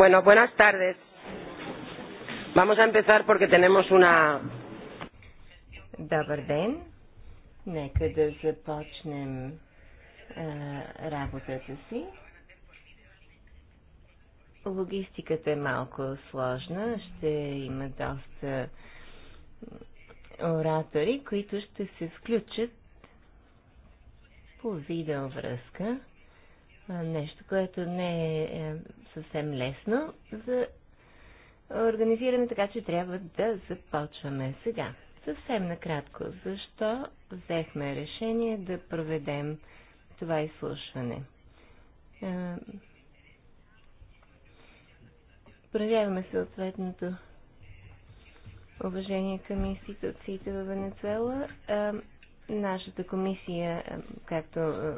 Bueno, buenas tardes. Vamos a empezar porque tenemos una. Добър ден. Нека да започнем а, работата си. Логистиката е малко сложна. Ще има доста оратори, които ще се включат по видеовръзка нещо, което не е, е съвсем лесно за организиране, така че трябва да започваме сега. Съвсем накратко, защо взехме решение да проведем това изслушване? Проявяваме съответното уважение към институциите в Венецуела Нашата комисия, е, както е,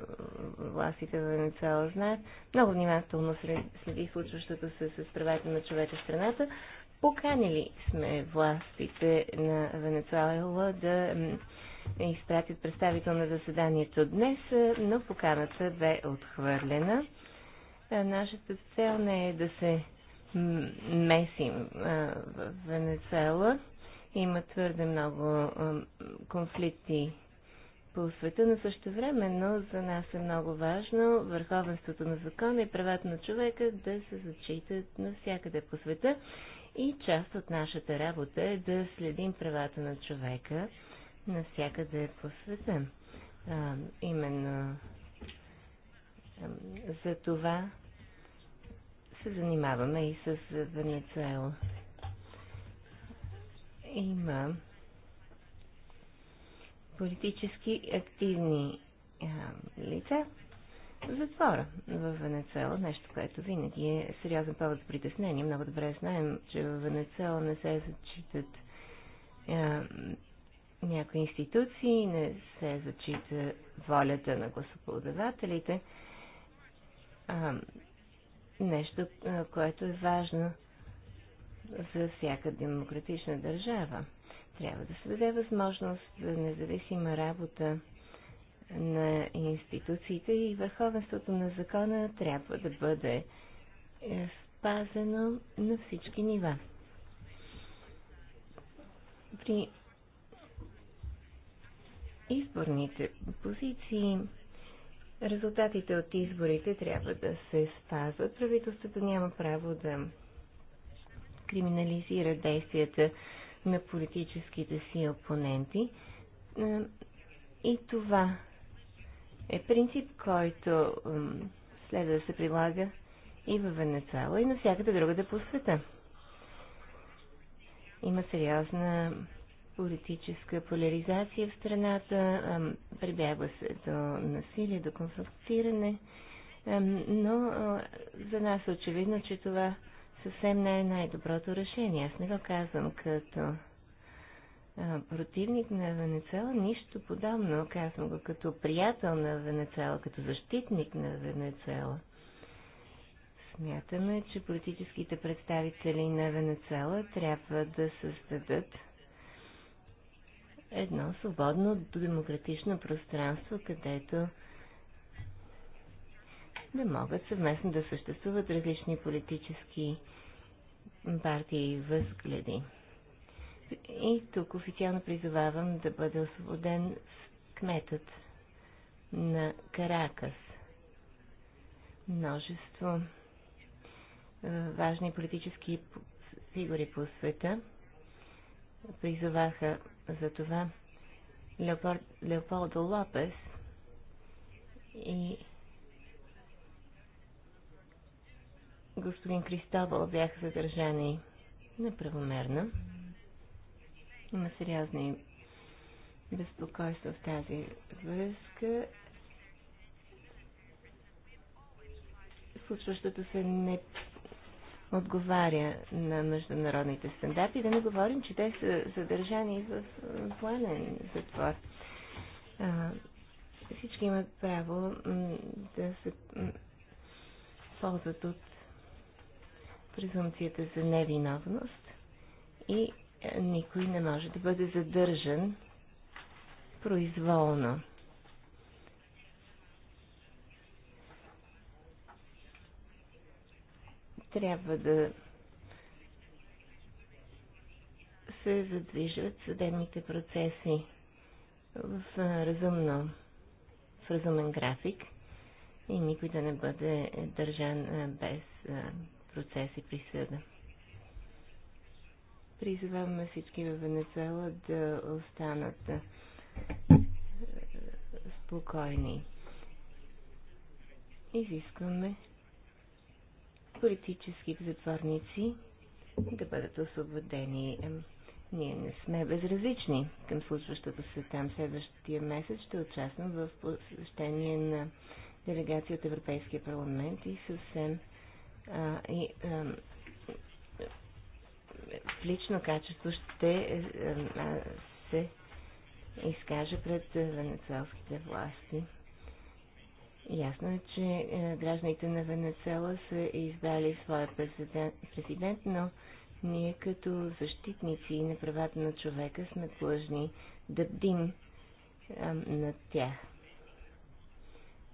властите в Венецуела знаят, много внимателно следи случващото се с правата на човека в страната. Поканили сме властите на Венецуела да изпратят представител на заседанието днес, е, но поканата бе отхвърлена. Нашата цел не е да се месим в Венецуела. Има твърде много конфликти по света, но същевременно за нас е много важно върховенството на закона и правата на човека да се зачитат навсякъде по света. И част от нашата работа е да следим правата на човека навсякъде по света. А, именно а, за това се занимаваме и с Венецуела. Има политически активни а, лица в затвора в Венецела, нещо, което винаги е сериозен повод за притеснение. Много добре знаем, че в Венецуела не се зачитат а, някои институции, не се зачита волята на гласоподавателите. А, нещо, което е важно за всяка демократична държава. Трябва да се даде възможност за независима работа на институциите и върховенството на закона трябва да бъде е, спазено на всички нива. При изборните позиции резултатите от изборите трябва да се спазват. Правителството няма право да криминализира действията на политическите си опоненти. И това е принцип, който следва да се прилага и в Венецуела, и навсякъде другаде по света. Има сериозна политическа поляризация в страната, прибягва се до насилие, до конфликтиране, но за нас е очевидно, че това съвсем не е най-доброто решение. Аз не го казвам като противник на Венецуела, нищо подобно. Казвам го като приятел на Венецуела, като защитник на Венецуела. Смятаме, че политическите представители на Венецуела трябва да създадат едно свободно демократично пространство, където да могат съвместно да съществуват различни политически партии и възгледи. И тук официално призовавам да бъде освободен кметът на Каракас. Множество е, важни политически фигури по света призоваха за това Леополдо Лопес и господин Кристабъл бяха задържани неправомерно. Има сериозни безпокойства в тази връзка. Случващото се не отговаря на международните стандарти. Да не говорим, че те са задържани в военен затвор. Всички имат право да се ползват от презумцията за невиновност и е, никой не може да бъде задържан произволно. Трябва да се задвижват съдебните процеси в е, разумно, в разумен график и никой да не бъде държан е, без процес и присъда. Призваваме всички в Венецуела да останат е, спокойни. Изискваме политически затворници да бъдат освободени. Е, ние не сме безразлични към случващото се там. Следващия месец ще участвам в посещение на делегация от Европейския парламент и съвсем и, а, в лично качество ще а, се изкаже пред венецуелските власти. Ясно е, че е, гражданите на Венецела са избрали своя президент, но ние като защитници на правата на човека сме длъжни да бдим над тях.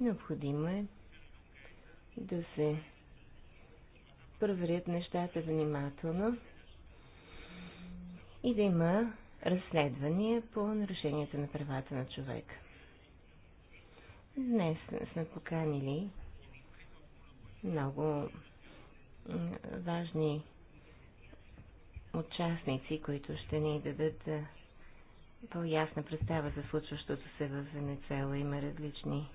Необходимо е да се проверят нещата внимателно и да има разследвания по нарушенията на правата на човека. Днес сме поканили много важни участници, които ще ни дадат по-ясна представа за случващото се в Венецела. Има различни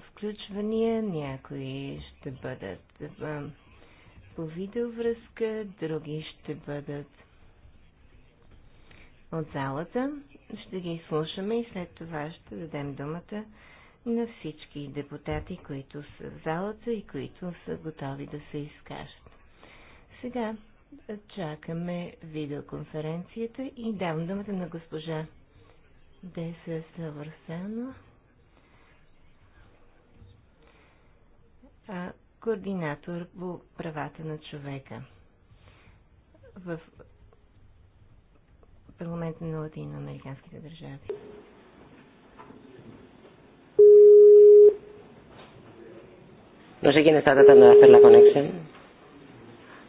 включвания, някои ще бъдат по видеовръзка, други ще бъдат от залата. Ще ги слушаме и след това ще дадем думата на всички депутати, които са в залата и които са готови да се изкажат. Сега чакаме видеоконференцията и давам думата на госпожа Деса Савърсанова. а, координатор по правата на човека в парламента на латиноамериканските държави. No sé quién está tratando de hacer la conexión.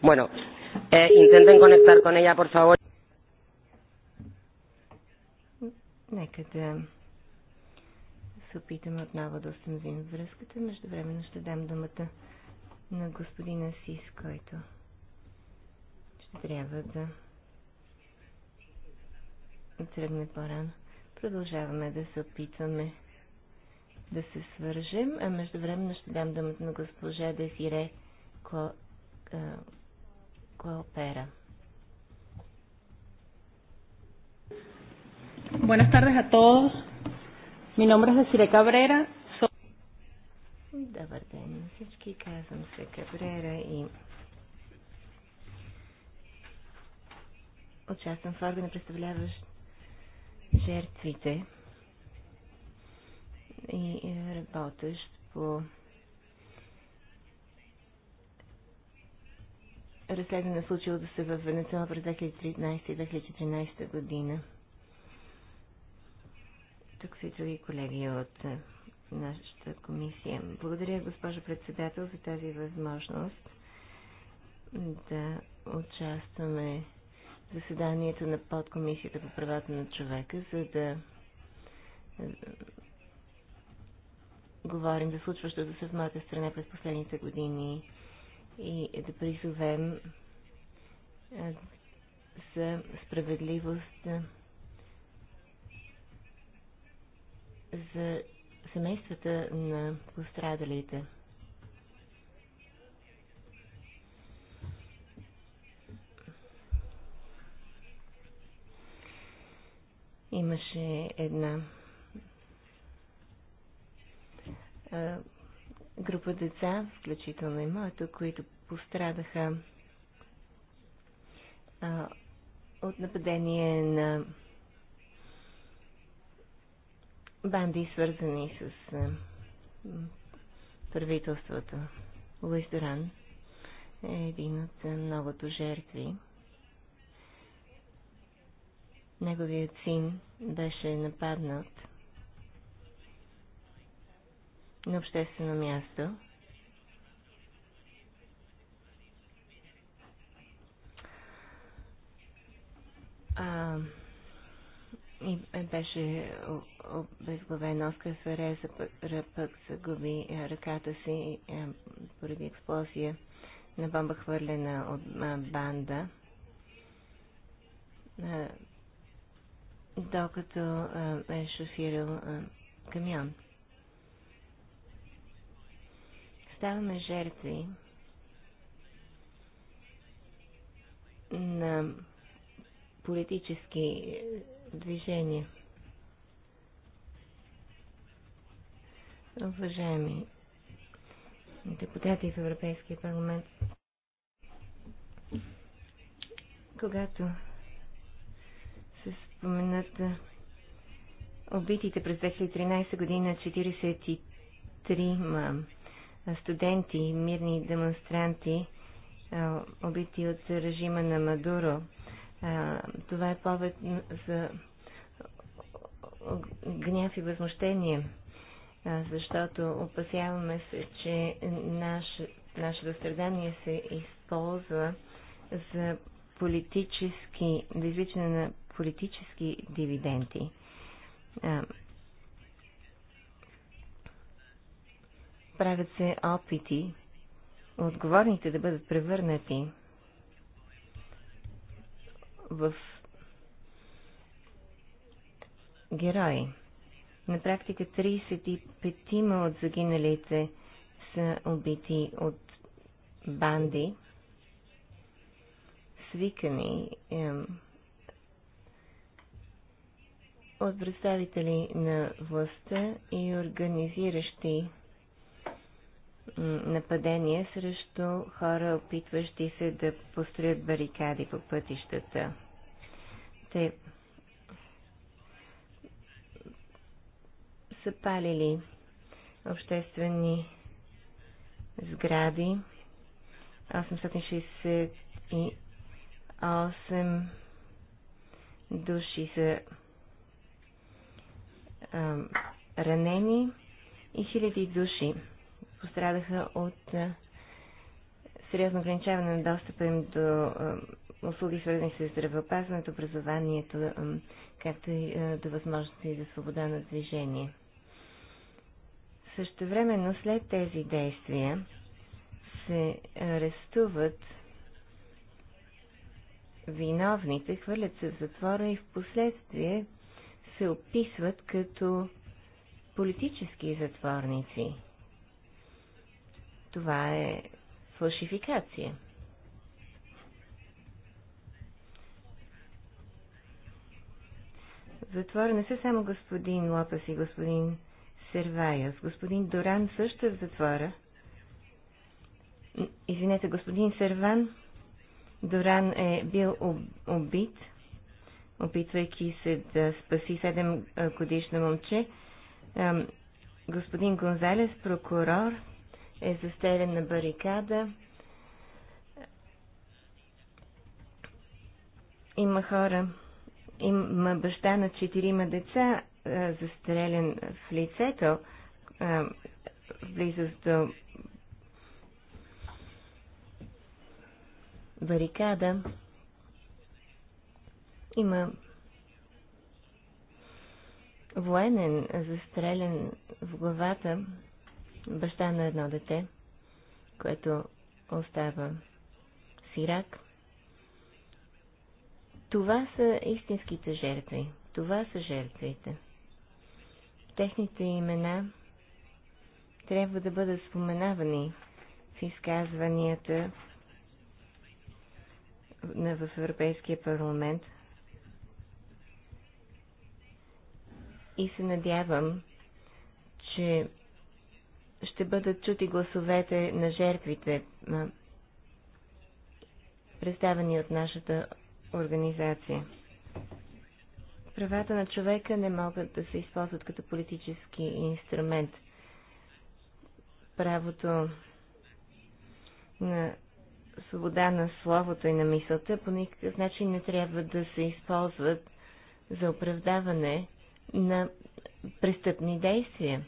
Bueno, eh, intenten conectar con ella, por favor. Нека се опитаме отново да установим връзката. Между времено ще дам думата на господина Сис, който ще трябва да тръгне по-рано. Продължаваме да се опитваме да се свържем, а между времено ще дам думата на госпожа Дезире Коопера. Клопера. Buenas tardes a todos. Ми номер е Сесилия Кабрера. Добър ден на всички. Казвам се Кабрера и участвам в органа, представляващ жертвите и е, работещ по разследване на случило да се в Венецуела през 2013 и 2013 година. Тук са и други колеги от е, нашата комисия. Благодаря, госпожо председател, за тази възможност да участваме в заседанието на подкомисията по правата на човека, за да е, говорим за случващото се в моята страна през последните години и да призовем е, за справедливост за семействата на пострадалите. Имаше една група деца, включително и моето, които пострадаха от нападение на банди, свързани с правителството. Луис Доран е един от многото жертви. Неговият син беше нападнат на обществено място. А, и е, беше обезглавен Оскар Фереза, пък загуби е, ръката си е, поради експлозия на бомба хвърлена от банда. Докато е шофирал камион. Ставаме жертви на политически движение. Уважаеми депутати в Европейския парламент, когато се споменат убитите през 2013 година 43 студенти, мирни демонстранти, убити от режима на Мадуро, това е повед за гняв и възмущение, защото опасяваме се, че наш, нашето страдание се използва за политически, да извличане на политически дивиденти. Правят се опити отговорните да бъдат превърнати в герои. На практика 35 от загиналите са убити от банди, свикани е, от представители на властта и организиращи нападения срещу хора, опитващи се да построят барикади по пътищата сте запалили обществени сгради. 868 души са а, ранени и хиляди души пострадаха от а, сериозно ограничаване на достъпа им до а, услуги, свързани с здравеопазването, образованието, както и до възможности за свобода на движение. Същевременно след тези действия се арестуват виновните, хвърлят се в затвора и в последствие се описват като политически затворници. Това е фалшификация. затвора не са само господин Лопас и господин Серваяс. Господин Доран също е в затвора. Извинете, господин Серван Доран е бил убит, опитвайки се да спаси 7 годишно момче. Господин Гонзалес, прокурор, е застелен на барикада. Има хора, има баща на четирима деца, застрелен в лицето, в близост до барикада. Има военен, застрелен в главата, баща на едно дете, което остава сирак. Това са истинските жертви. Това са жертвите. Техните имена трябва да бъдат споменавани в изказванията в Европейския парламент. И се надявам, че ще бъдат чути гласовете на жертвите, представени от нашата организация. Правата на човека не могат да се използват като политически инструмент. Правото на свобода на словото и на мисълта по никакъв начин не трябва да се използват за оправдаване на престъпни действия.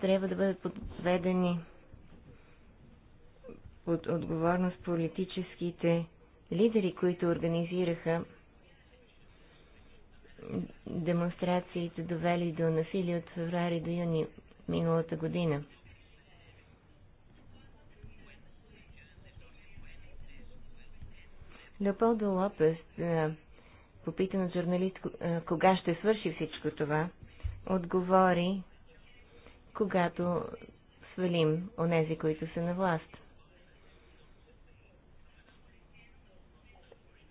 Трябва да бъдат подведени под отговорност политическите лидери, които организираха демонстрациите, довели до насилие от феврари до юни миналата година. Леополдо Лопес е, попитан от журналист е, кога ще свърши всичко това, отговори, когато свалим онези, които са на власт.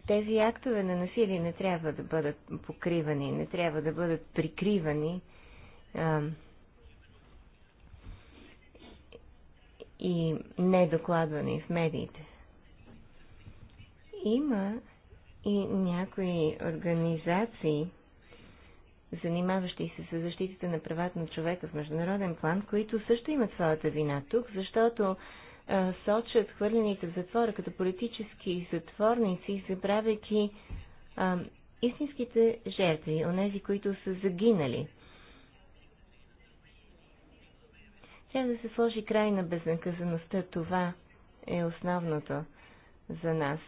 Тези актове на насилие не трябва да бъдат покривани, не трябва да бъдат прикривани. А, и недокладвани в медиите. Има и някои организации, занимаващи се с защитата на правата на човека в международен план, които също имат своята вина тук, защото сочат хвърлените в затвора като политически затворници, забравяйки а, истинските жертви, онези, които са загинали. Трябва да се сложи край на безнаказаността. Това е основното за нас.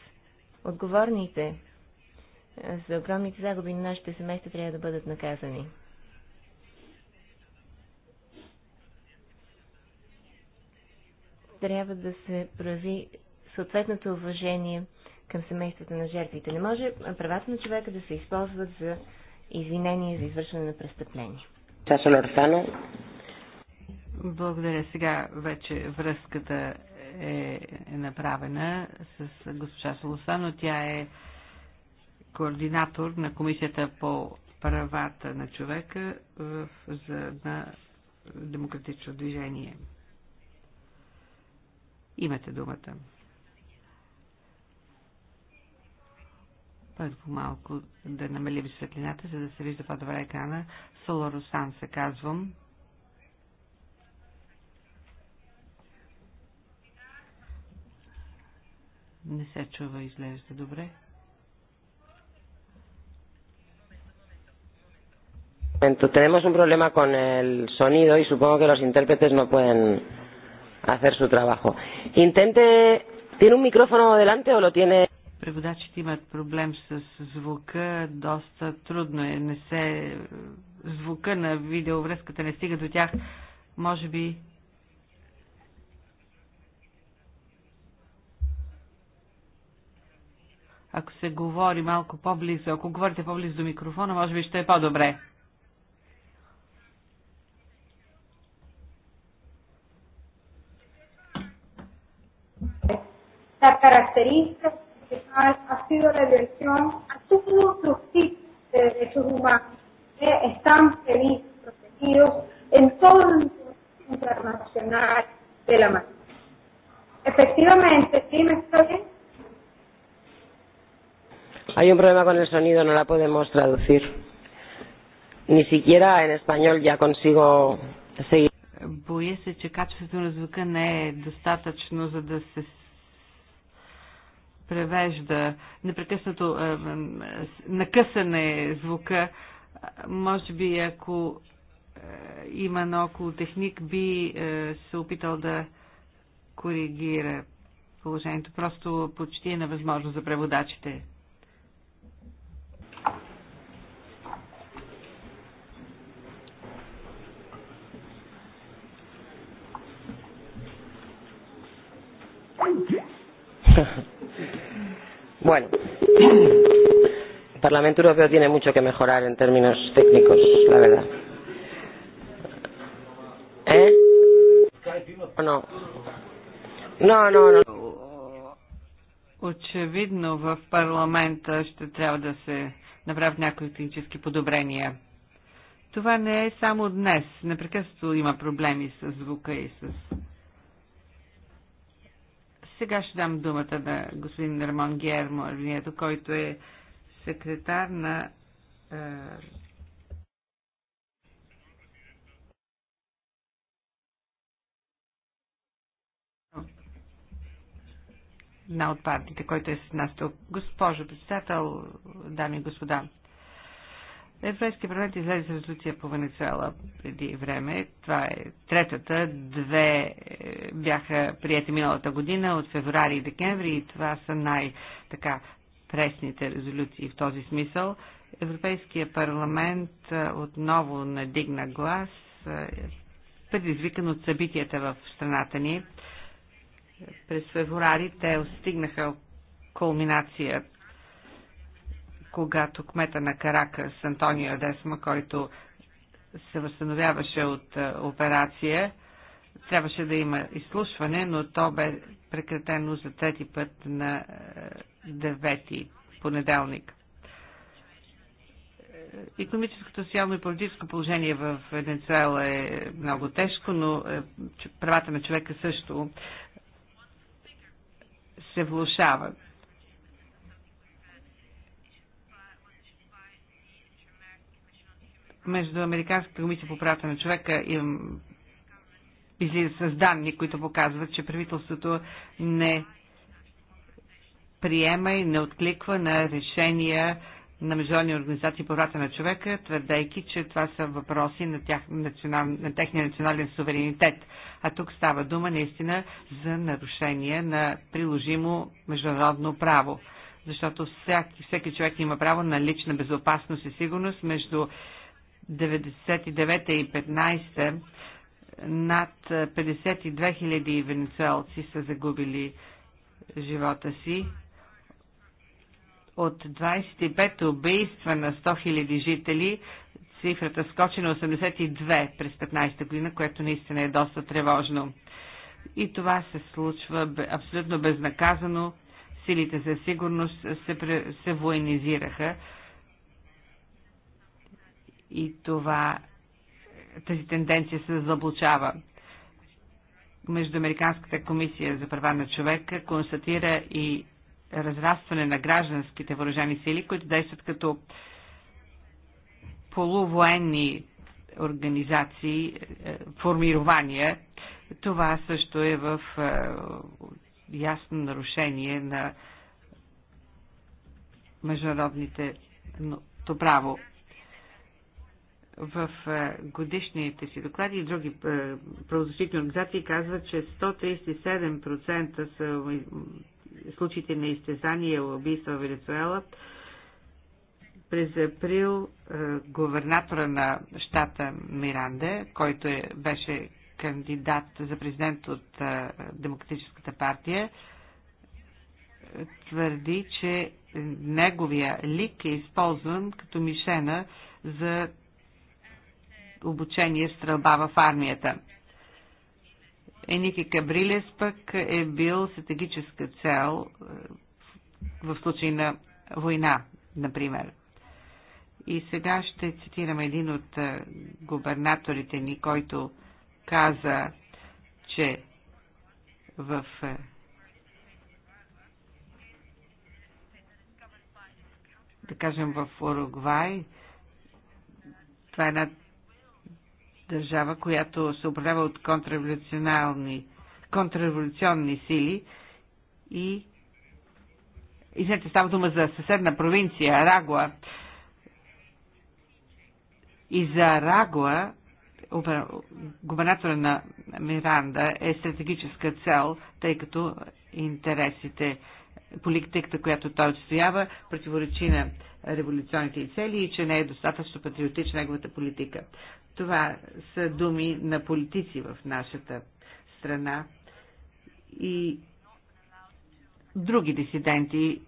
Отговорните за огромните загуби на нашите семейства трябва да бъдат наказани. трябва да се прояви съответното уважение към семействата на жертвите. Не може правата на човека да се използват за извинение за извършване на престъпление. Чашо Лорсано. Благодаря. Сега вече връзката е направена с госпожа Солосано. Тя е координатор на Комисията по правата на човека в, за, на демократично движение. Имате думата. Първо малко да намалим светлината, за да се вижда по-добре екрана. Соларосан се казвам. Не се чува, изглежда добре. Tenemos un problema con el sonido y supongo que los intérpretes no pueden hacer su trabajo. Intente. ¿Tiene un micrófono delante o lo tiene? Преводачите имат проблем с звука, доста трудно е, не се, звука на видеовръзката не стига до тях. Може би ако се говори малко по-близо, ако говорите по-близо до микрофона, може би ще е по-добре. las características ha sido la violación a todos los tipos de derechos humanos que están previstos, protegidos en todo el mundo internacional de la mano. Efectivamente, ¿sí me está bien? Hay un problema con el sonido, no la podemos traducir. Ni siquiera en español ya consigo seguir. Боя се, че качеството на звука не е достатъчно, за да се превежда, непрекъснато е, накъсане звука. Може би, ако е, има наоколо техник, би е, се опитал да коригира положението. Просто почти е невъзможно за преводачите. Bueno, el Parlamento Europeo tiene mucho que mejorar en términos técnicos, la verdad. ¿Eh? ¿O No. No, no, no. Очевидно в парламента ще трябва да се направят някои технически подобрения. Това не е само днес. Непрекъснато има проблеми с звука и с сега ще дам думата на господин Рамон Гермо, който е секретар на е, на от партиите, който е с нас тук. Госпожо председател, дами и господа, Европейския парламент излезе с резолюция по Венецуела преди време. Това е третата. Две е, бяха прияти миналата година от феврари и декември и това са най-така пресните резолюции в този смисъл. Европейския парламент е, отново надигна глас, е, предизвикан от събитията в страната ни. През феврари те остигнаха кулминация когато кмета на Карака с Антонио Десма, който се възстановяваше от е, операция, трябваше да има изслушване, но то бе прекратено за трети път на 9 е, понеделник. Економическото, социално и политическо положение в Венецуела е много тежко, но е, правата на човека също се влушават между Американската комисия по правата на човека и излиза с данни, които показват, че правителството не приема и не откликва на решения на международни организации по правата на човека, твърдейки, че това са въпроси на, тях, национал, на техния национален суверенитет. А тук става дума наистина за нарушение на приложимо международно право. Защото всеки, всеки човек има право на лична безопасност и сигурност между 99 и 15 над 52 000 венецуелци са загубили живота си. От 25 убийства на 100 000 жители цифрата скочи на 82 през 15 година, което наистина е доста тревожно. И това се случва абсолютно безнаказано. Силите за сигурност се, се военизираха и това, тази тенденция се заблучава. Междуамериканската комисия за права на човека констатира и разрастване на гражданските въоръжени сили, които действат като полувоенни организации, е, формирования. Това също е в е, ясно нарушение на международните право в е, годишните си доклади и други е, правозащитни организации казват, че 137% са случаите на изтезания и убийства в Венецуела. През април е, губернатора на щата Миранде, който е, беше кандидат за президент от Демократическата партия, твърди, че неговия лик е използван като мишена за обучение в стрелба в армията. Енике Кабрилес пък е бил стратегическа цел е, в случай на война, например. И сега ще цитирам един от е, губернаторите ни, който каза, че в е, да кажем в Уругвай, това е една държава, която се управлява от контрреволюционални, контрреволюционни сили и Извинете, става дума за съседна провинция, Рагуа. И за Рагуа, губернатора на Миранда е стратегическа цел, тъй като интересите политиката, която той отстоява, противоречи на революционните цели и че не е достатъчно патриотична неговата политика. Това са думи на политици в нашата страна и други дисиденти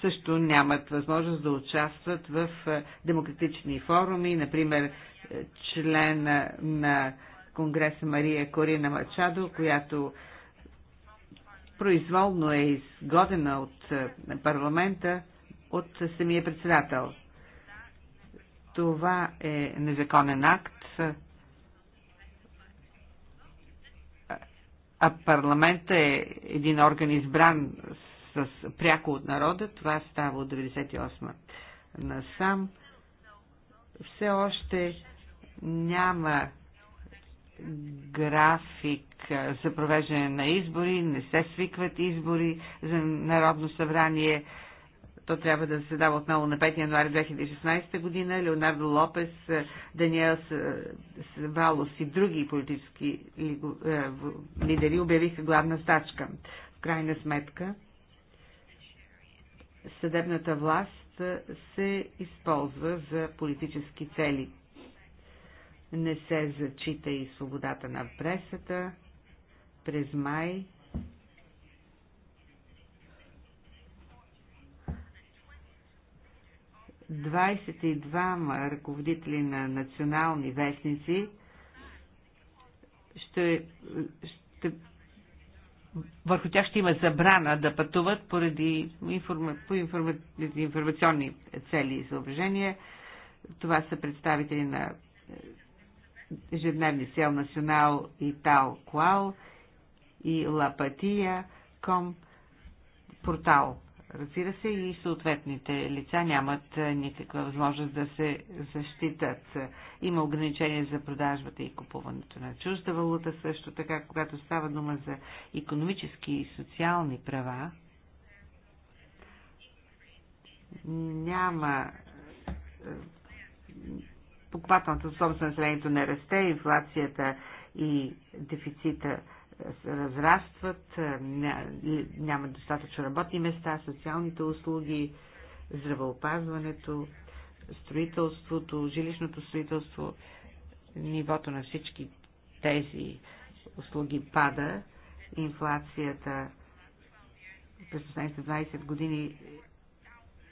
също нямат възможност да участват в демократични форуми, например член на Конгреса Мария Корина Мачадо, която произволно е изгодена от е, парламента, от самия председател. Това е незаконен акт, а парламента е един орган избран с, с пряко от народа. Това става от 98 насам. Все още няма график за провеждане на избори, не се свикват избори за Народно събрание. То трябва да се дава отново на 5 януари 2016 година. Леонардо Лопес, Даниел Валос и други политически лидери обявиха главна стачка. В крайна сметка, съдебната власт се използва за политически цели – не се зачита и свободата на пресата. През май Двадесет и двама ръководители на национални вестници ще, ще върху тях ще има забрана да пътуват поради информа, по информа, информационни цели и съображения. Това са представители на Ежедневни сел Национал и Тал Куал и Лапатия ком портал. Разбира се, и съответните лица нямат никаква възможност да се защитат. Има ограничения за продажбата и купуването на чужда валута, също така, когато става дума за економически и социални права, няма покупателната способност на населението не расте, инфлацията и дефицита е, разрастват, е, няма достатъчно работни места, социалните услуги, здравеопазването, строителството, жилищното строителство, нивото на всички тези услуги пада, инфлацията през последните 20 години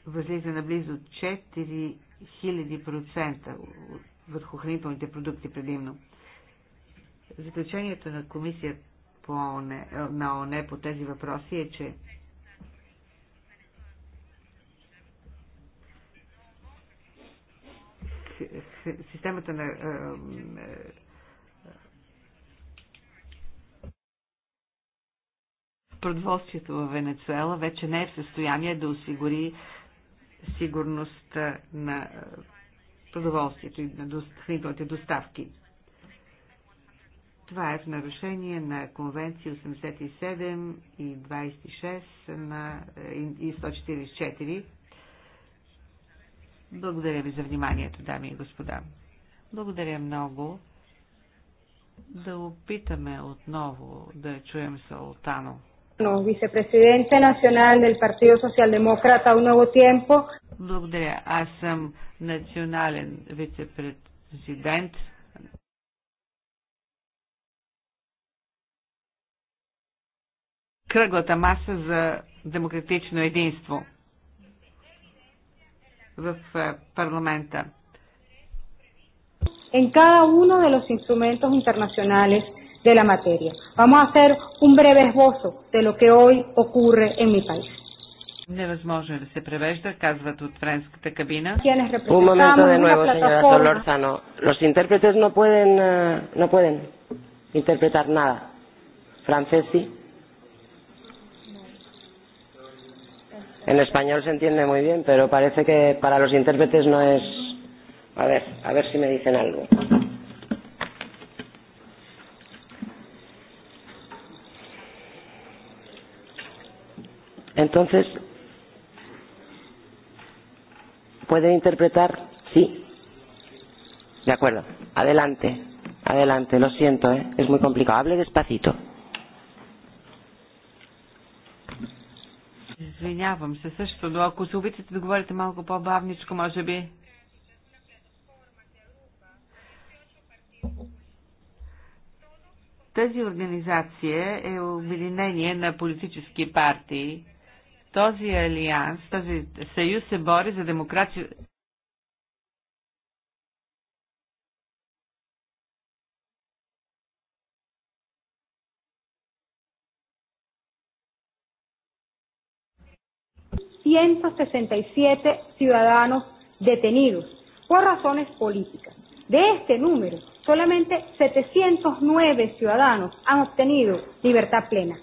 възлиза на близо 4 Хиляди процента върху хранителните продукти предимно. Заключението на комисия по ОНЕ, на ОНЕ по тези въпроси е, че системата на е, продоволствието в Венецуела вече не е в състояние да осигури сигурността на е, продоволствието и на хранителните доставки. Това е в нарушение на конвенции 87 и 26 на, е, и 144. Благодаря ви за вниманието, дами и господа. Благодаря много. Да опитаме отново да чуем Салтанов vicepresidente национал del Partido Socialdemócrata Un Nuevo Tiempo. Благодаря. Аз съм национален вице-президент кръглата маса за демократично единство в парламента. En cada uno de los instrumentos internacionales de la materia. Vamos a hacer un breve esbozo de lo que hoy ocurre en mi país. Невъзможно е да се превежда, казват от френската кабина. Un momento de nuevo, señora Solorzano. Los intérpretes no pueden, no pueden interpretar nada. Francés sí. En español se entiende muy bien, pero parece que para los intérpretes no es... A ver, a ver si me dicen algo. Entonces, ¿pueden interpretar? Sí. De acuerdo. Adelante. Adelante. Lo siento, ¿eh? es muy complicado. Hable despacito. Извинявам се също, но ако се обичате да говорите малко по-бавничко, може би. Тази организация е обединение на политически партии този алианс, този съюз се бори за демокрация. ...167 ciudadanos detenidos por razones políticas. De este número, solamente 709 ciudadanos han obtenido libertad plena.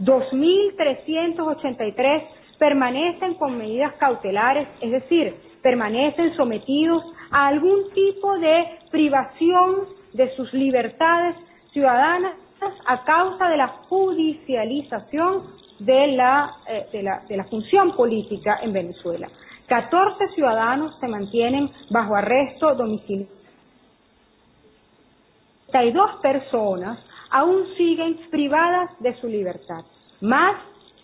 2.383 permanecen con medidas cautelares, es decir, permanecen sometidos a algún tipo de privación de sus libertades ciudadanas a causa de la judicialización de la, eh, de la, de la función política en Venezuela. 14 ciudadanos se mantienen bajo arresto domiciliario. 32 personas aún siguen privadas de su libertad. Más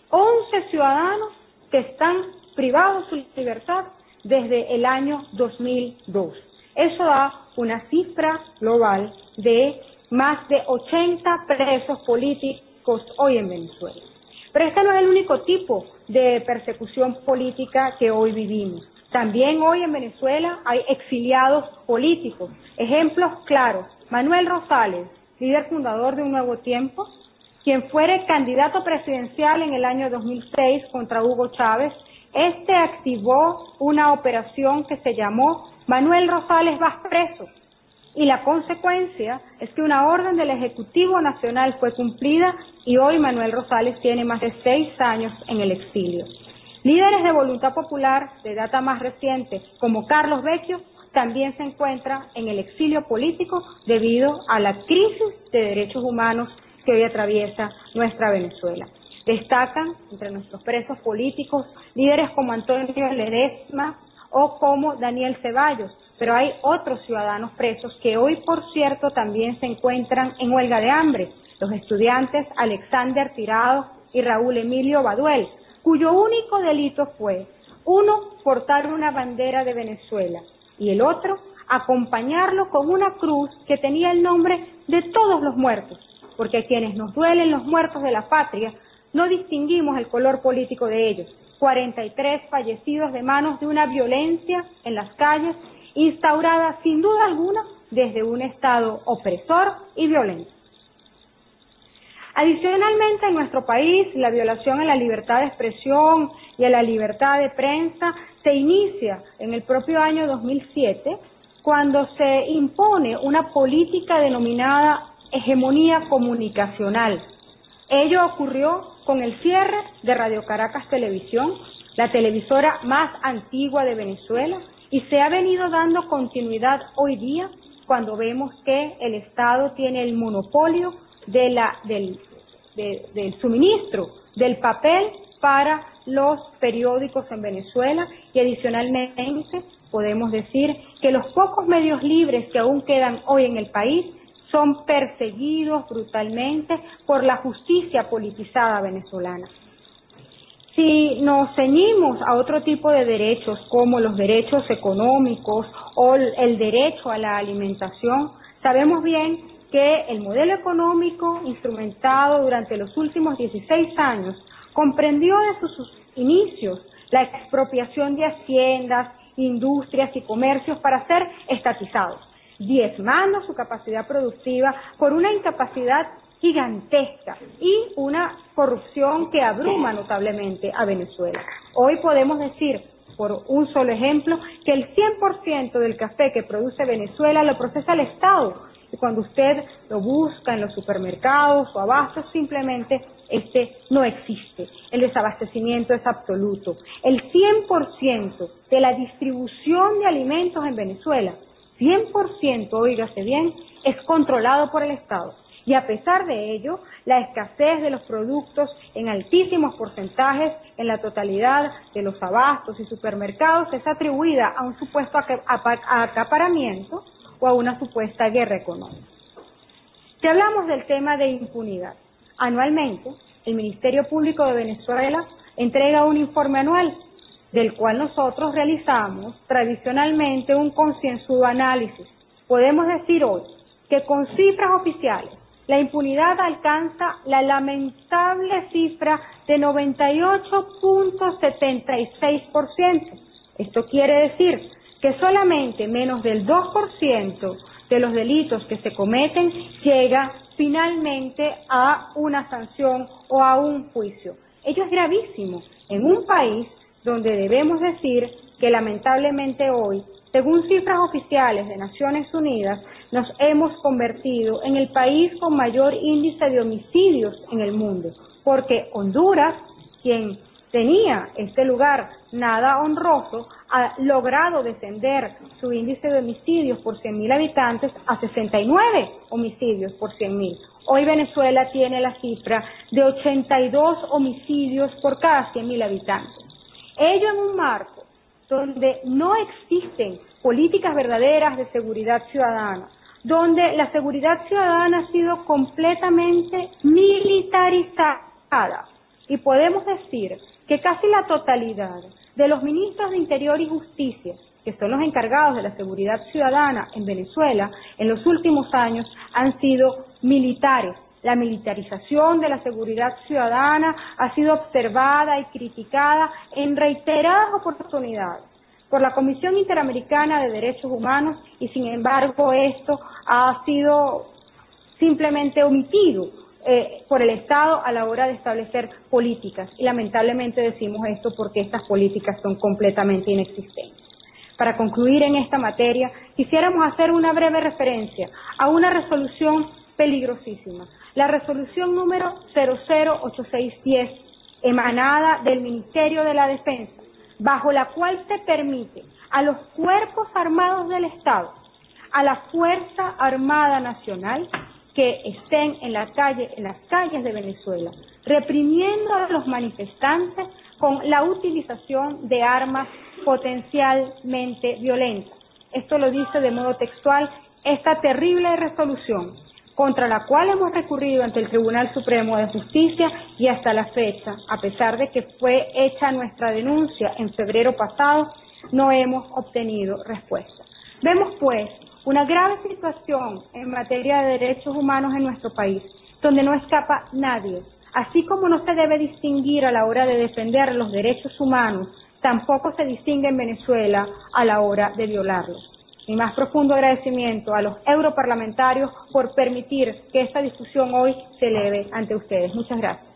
11 ciudadanos que están privados de su libertad desde el año 2002. Eso da una cifra global de más de 80 presos políticos hoy en Venezuela. Pero este no es el único tipo de persecución política que hoy vivimos. También hoy en Venezuela hay exiliados políticos. Ejemplos claros. Manuel Rosales, líder fundador de Un Nuevo Tiempo, quien fuere candidato presidencial en el año 2006 contra Hugo Chávez, este activó una operación que se llamó Manuel Rosales va preso. Y la consecuencia es que una orden del Ejecutivo Nacional fue cumplida y hoy Manuel Rosales tiene más de seis años en el exilio. Líderes de voluntad popular de data más reciente, como Carlos Vecchio, también se encuentra en el exilio político debido a la crisis de derechos humanos que hoy atraviesa nuestra Venezuela. Destacan entre nuestros presos políticos líderes como Antonio Ledesma o como Daniel Ceballos, pero hay otros ciudadanos presos que hoy, por cierto, también se encuentran en huelga de hambre, los estudiantes Alexander Tirado y Raúl Emilio Baduel, cuyo único delito fue, uno, portar una bandera de Venezuela, y el otro acompañarlo con una cruz que tenía el nombre de todos los muertos, porque a quienes nos duelen los muertos de la patria no distinguimos el color político de ellos. 43 fallecidos de manos de una violencia en las calles instaurada sin duda alguna desde un Estado opresor y violento. Adicionalmente, en nuestro país, la violación a la libertad de expresión y a la libertad de prensa se inicia en el propio año 2007 cuando se impone una política denominada hegemonía comunicacional. Ello ocurrió con el cierre de Radio Caracas Televisión, la televisora más antigua de Venezuela, y se ha venido dando continuidad hoy día cuando vemos que el Estado tiene el monopolio de la, del, de, del suministro del papel para los periódicos en Venezuela y adicionalmente podemos decir que los pocos medios libres que aún quedan hoy en el país son perseguidos brutalmente por la justicia politizada venezolana. Si nos ceñimos a otro tipo de derechos como los derechos económicos o el derecho a la alimentación, sabemos bien que el modelo económico instrumentado durante los últimos 16 años Comprendió desde sus inicios la expropiación de haciendas, industrias y comercios para ser estatizados, diezmando su capacidad productiva por una incapacidad gigantesca y una corrupción que abruma notablemente a Venezuela. Hoy podemos decir, por un solo ejemplo, que el 100% del café que produce Venezuela lo procesa el Estado. Y cuando usted lo busca en los supermercados o abastos, simplemente este no existe. El desabastecimiento es absoluto. El 100% de la distribución de alimentos en Venezuela, 100%, oígase bien, es controlado por el Estado. Y a pesar de ello, la escasez de los productos en altísimos porcentajes en la totalidad de los abastos y supermercados es atribuida a un supuesto acaparamiento o a una supuesta guerra económica. Si hablamos del tema de impunidad, Anualmente, el Ministerio Público de Venezuela entrega un informe anual del cual nosotros realizamos tradicionalmente un concienzudo análisis. Podemos decir hoy que con cifras oficiales la impunidad alcanza la lamentable cifra de 98.76%. Esto quiere decir que solamente menos del 2% de los delitos que se cometen llega finalmente a una sanción o a un juicio. Ello es gravísimo en un país donde debemos decir que lamentablemente hoy, según cifras oficiales de Naciones Unidas, nos hemos convertido en el país con mayor índice de homicidios en el mundo, porque Honduras, quien tenía este lugar nada honroso, ha logrado descender su índice de homicidios por 100.000 habitantes a 69 homicidios por 100.000. Hoy Venezuela tiene la cifra de 82 homicidios por cada 100.000 habitantes. Ello en un marco donde no existen políticas verdaderas de seguridad ciudadana, donde la seguridad ciudadana ha sido completamente militarizada Y podemos decir que casi la totalidad de los ministros de Interior y Justicia, que son los encargados de la seguridad ciudadana en Venezuela, en los últimos años han sido militares. La militarización de la seguridad ciudadana ha sido observada y criticada en reiteradas oportunidades por la Comisión Interamericana de Derechos Humanos y sin embargo esto ha sido simplemente omitido eh, por el Estado a la hora de establecer políticas. Y lamentablemente decimos esto porque estas políticas son completamente inexistentes. Para concluir en esta materia, quisiéramos hacer una breve referencia a una resolución peligrosísima, la resolución número 008610, emanada del Ministerio de la Defensa, bajo la cual se permite a los cuerpos armados del Estado, a la Fuerza Armada Nacional, que estén en, la calle, en las calles de Venezuela, reprimiendo a los manifestantes con la utilización de armas potencialmente violentas. Esto lo dice de modo textual esta terrible resolución contra la cual hemos recurrido ante el Tribunal Supremo de Justicia y hasta la fecha, a pesar de que fue hecha nuestra denuncia en febrero pasado, no hemos obtenido respuesta. Vemos pues una grave situación en materia de derechos humanos en nuestro país, donde no escapa nadie. Así como no se debe distinguir a la hora de defender los derechos humanos, tampoco se distingue en Venezuela a la hora de violarlos. Mi más profundo agradecimiento a los europarlamentarios por permitir que esta discusión hoy se eleve ante ustedes. Muchas gracias.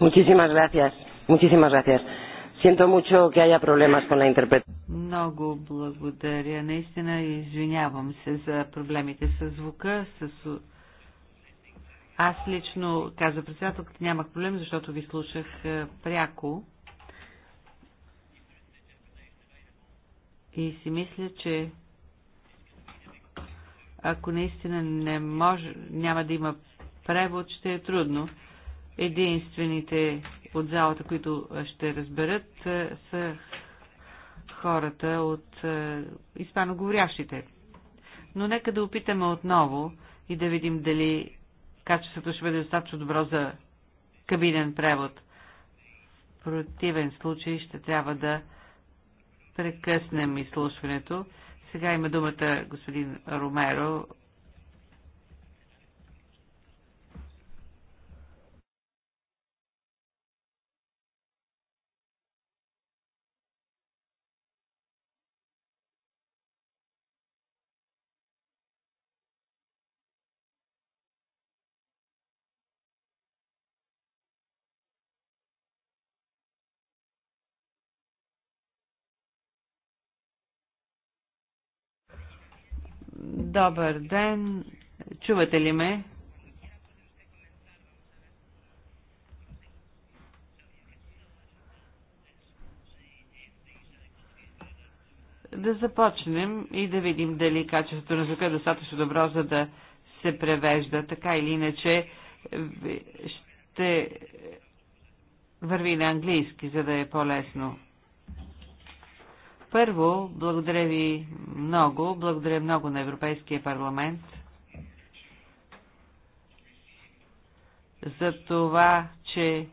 Muchísimas gracias. Muchísimas gracias. Siento mucho que haya problemas con la interpretación. Много благодаря. Наистина извинявам се за проблемите с звука. С... Аз лично, каза председателката, нямах проблем, защото ви слушах е, пряко. И си мисля, че ако наистина не може, няма да има превод, ще е трудно единствените от залата, които ще разберат, е, са хората от е, испаноговорящите. Но нека да опитаме отново и да видим дали качеството ще бъде достатъчно добро за кабинен превод. В противен случай ще трябва да прекъснем изслушването. Сега има думата господин Ромеро Добър ден. Чувате ли ме? Да започнем и да видим дали качеството на звука е достатъчно добро, за да се превежда. Така или иначе ще върви на английски, за да е по-лесно. Първо, благодаря ви много, благодаря много на Европейския парламент за това, че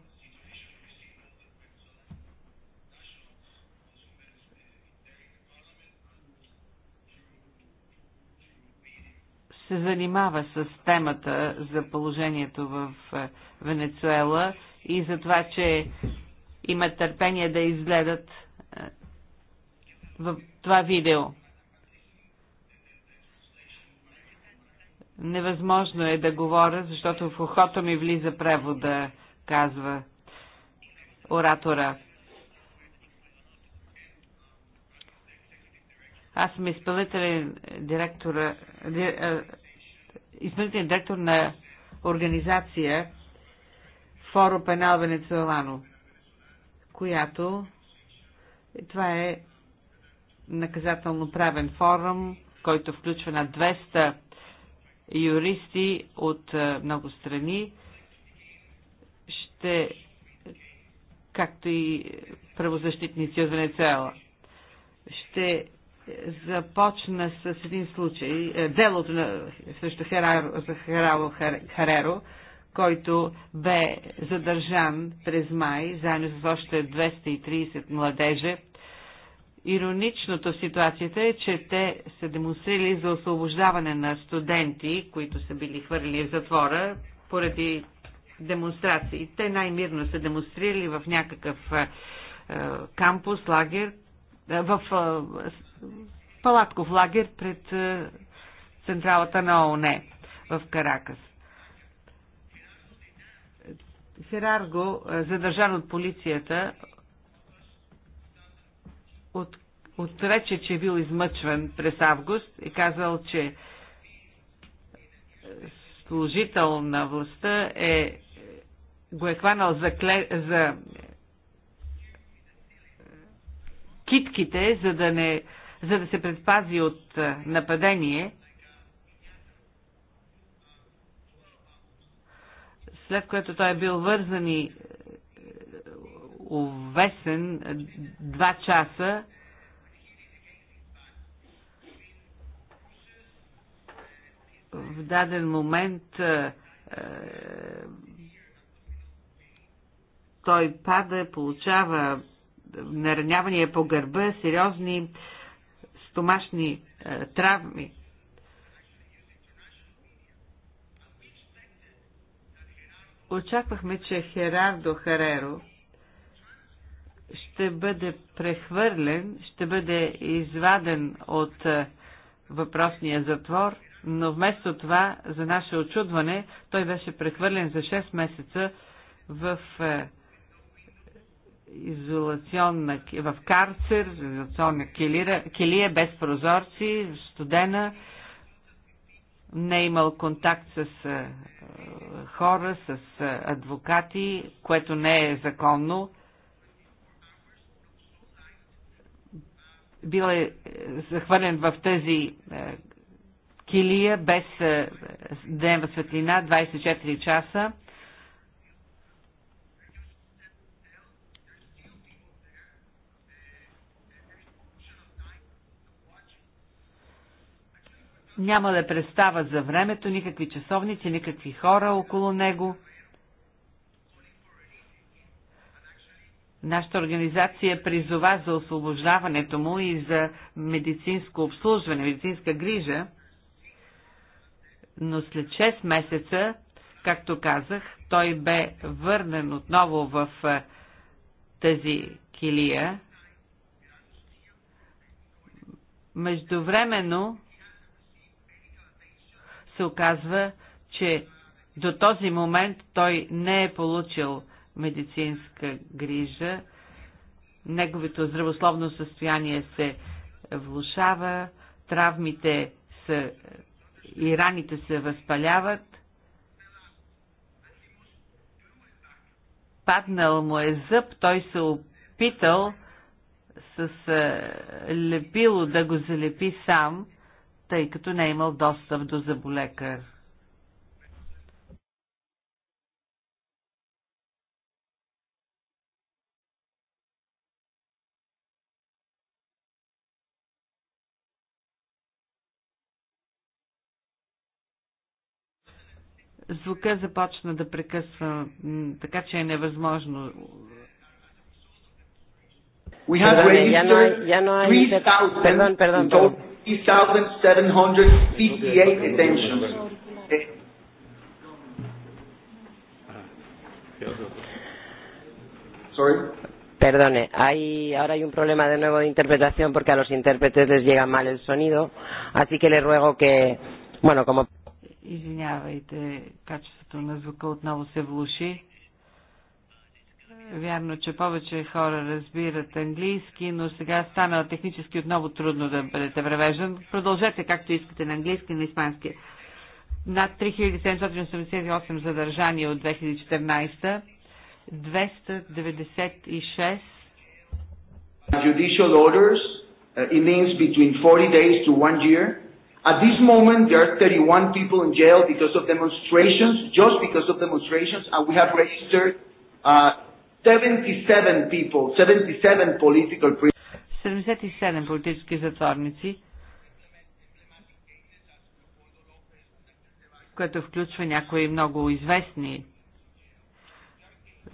се занимава с темата за положението в Венецуела и за това, че имат търпение да изгледат в това видео. Невъзможно е да говоря, защото в ухото ми влиза превода, казва оратора. Аз съм изпълнителен директор, изпълнителен директор на организация Форо Пенал Венецуелано, която това е наказателно-правен форум, който включва на 200 юристи от е, много страни. Ще както и правозащитници от Венецуела. Ще започна с един случай, е, делото на, е, срещу Хераро, за Хераро Хареро, който бе задържан през май, заедно с още 230 младежи Ироничното в ситуацията е, че те се демонстрирали за освобождаване на студенти, които са били хвърлили в затвора поради демонстрации. Те най-мирно са демонстрирали в някакъв е, кампус, лагер, е, в е, палатков лагер пред е, централата на ООН в Каракас. Херарго, задържан от полицията, от, отрече, че е бил измъчван през август и е казал, че служител на властта е го е хванал за, кле, за китките, за да, не, за да се предпази от нападение. След което той е бил вързан и увесен е, два часа в даден момент е, е, той пада, получава наранявания по гърба, сериозни стомашни е, травми. Очаквахме, че Херардо Хареро ще бъде прехвърлен, ще бъде изваден от е, въпросния затвор, но вместо това, за наше очудване, той беше прехвърлен за 6 месеца в е, изолационна, в карцер, изолационна келира, келия без прозорци, студена, не е имал контакт с е, хора, с адвокати, което не е законно бил е, е захвърлен в тази е, килия без е, дневна светлина 24 часа. Няма да представа за времето никакви часовници, никакви хора около него. Нашата организация призова за освобождаването му и за медицинско обслужване, медицинска грижа, но след 6 месеца, както казах, той бе върнен отново в тази килия. Междувременно се оказва, че до този момент той не е получил медицинска грижа. Неговото здравословно състояние се влушава, травмите са и раните се възпаляват. Паднал му е зъб, той се опитал с е, лепило да го залепи сам, тъй като не е имал достъп до заболекар. звука започна да прекъсва, така че е невъзможно. We have registered 3,758 attentions. Sorry? Perdone, hay, ahora hay un problema de nuevo de interpretación porque a los intérpretes les llega mal el sonido, así que le ruego que, bueno, como Извинявайте, качеството на звука отново се влуши. Вярно, че повече хора разбират английски, но сега стана технически отново трудно да бъдете превеждан. Продължете както искате на английски и на испански. Над 3788 задържания от 2014, 296 judicial orders, uh, it means between 40 days to one year, At this moment, there are 31 people in jail because of demonstrations, just because of demonstrations, and we have registered uh, 77 people, 77 political prisoners. 77 политически затворници, което включва някои много известни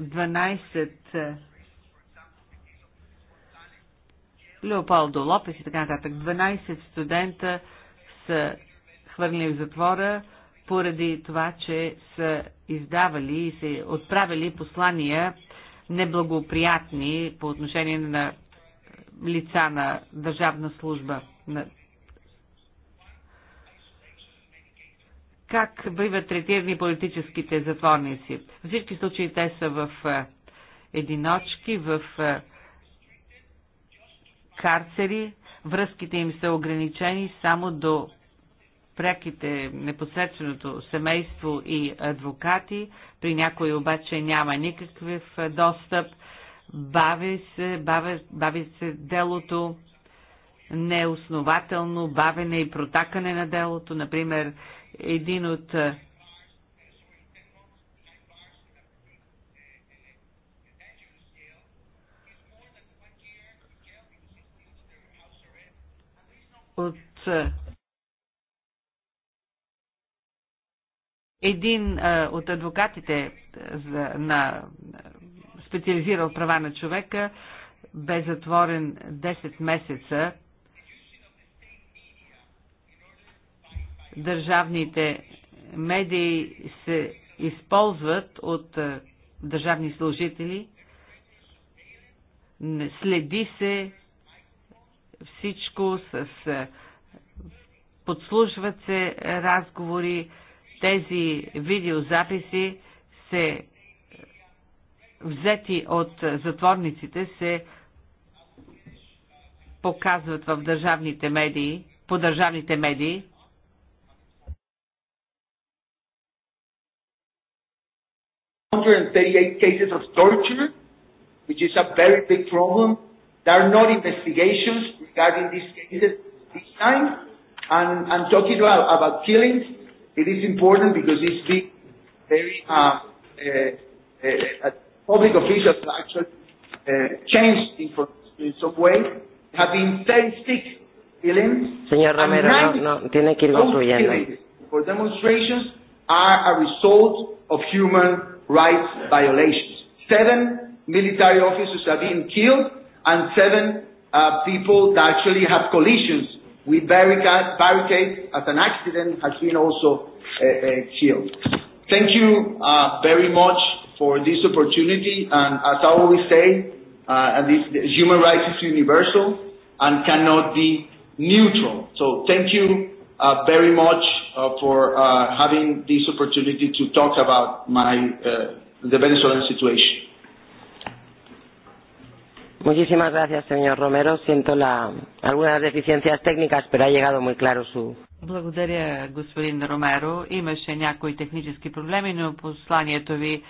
12 Леополдо Лопес и така нататък. 12 студента са хвърлени в затвора поради това, че са издавали и се отправили послания неблагоприятни по отношение на лица на държавна служба. Как биват третирани политическите затворници? В всички случаи те са в единочки, в карцери, връзките им са ограничени само до преките, непосредственото семейство и адвокати, при някои обаче няма никакъв достъп, бави се, бави, бави се делото, неоснователно бавене и протакане на делото. Например, един от от Един а, е, от адвокатите е, за, на специализирал права на човека бе затворен 10 месеца. Държавните медии се използват от а, е, държавни служители. Следи се всичко с. А, подслужват се разговори тези видеозаписи се взети от затворниците се показват в държавните медии, по държавните медии. cases of torture, which is a very big problem. There are no investigations regarding these cases this time. And I'm talking about, about killings It is important because it's big, very uh, uh, uh, public officials actually uh, changed information in some way. Have been 36 killings. Señor Romero, no, no, tiene que ir concluyendo. For demonstrations are a result of human rights violations. Seven military officers have been killed and seven uh, people that actually have collisions we barricade, barricade as an accident has been also uh, uh, killed. Thank you uh, very much for this opportunity. And as I always say, uh, and this, this human rights is universal and cannot be neutral. So thank you uh, very much uh, for uh, having this opportunity to talk about my uh, the Venezuelan situation. Muchísimas gracias, señor Romero. Siento la, algunas deficiencias técnicas, pero ha llegado muy claro su. Благодаря, господин Ромеро. Имаше някои технически проблеми, но посланието ви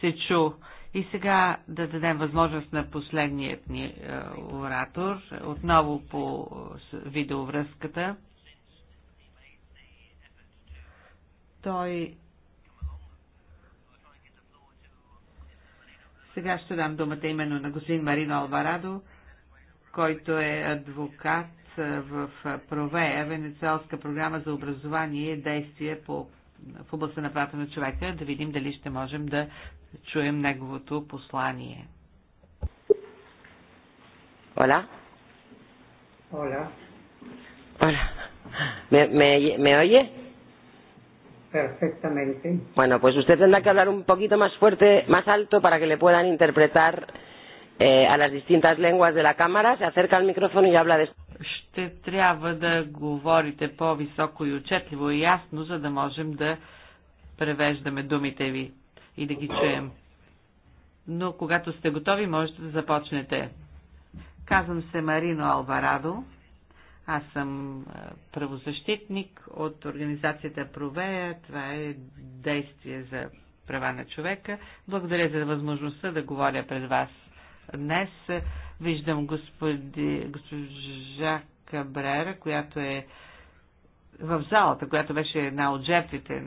се чу. И сега да дадем възможност на последният ни е, оратор, отново по видеовръзката. Той Сега ще дам думата именно на господин Марино Алварадо, който е адвокат в Провея, Венецуелска програма за образование и действие по, в областта на правата на човека, да видим дали ще можем да чуем неговото послание. Hola. Оля. Hola. Ме, ме, ме oye? Perfectamente. Bueno, pues usted tendrá que hablar un poquito más fuerte, más alto, para que le puedan interpretar eh, a las distintas lenguas de la Cámara. Se acerca al micrófono y habla de. Ще трябва да говорите по-високо и отчетливо и ясно, за да можем да превеждаме думите ви и да ги чуем. Но когато сте готови, можете да започнете. Казвам се Марино Алварадо. Аз съм правозащитник от организацията Провея. Това е действие за права на човека. Благодаря за възможността да говоря пред вас днес. Виждам господи, госпожа Кабрера, която е в залата, която беше една от жертвите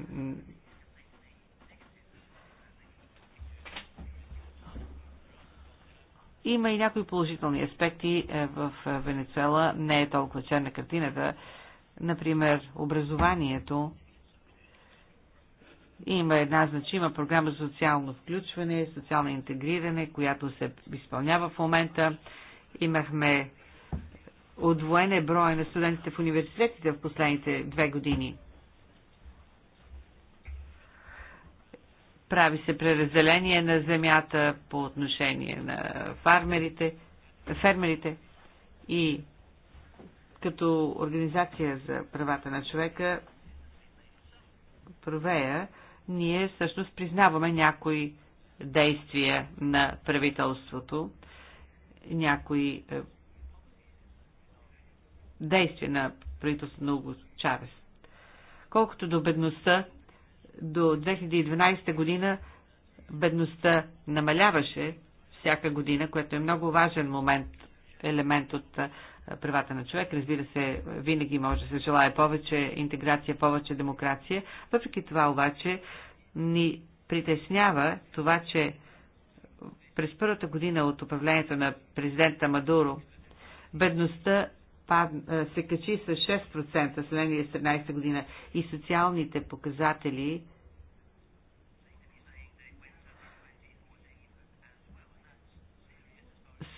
Има и някои положителни аспекти е, в е, Венецуела. Не е толкова черна картината. Например, образованието. Има една значима програма за социално включване, социално интегриране, която се изпълнява в момента. Имахме отвоене броя на студентите в университетите в последните две години – Прави се преразделение на земята по отношение на фармерите, фермерите и като организация за правата на човека Провея, ние всъщност признаваме някои действия на правителството, някои е, действия на правителството на Уго Чавес. Колкото до бедността, до 2012 година бедността намаляваше всяка година, което е много важен момент, елемент от правата на човек. Разбира се, винаги може да се желая повече интеграция, повече демокрация. Въпреки това обаче ни притеснява това, че през първата година от управлението на президента Мадуро бедността спад, се качи с 6% в 17 година и социалните показатели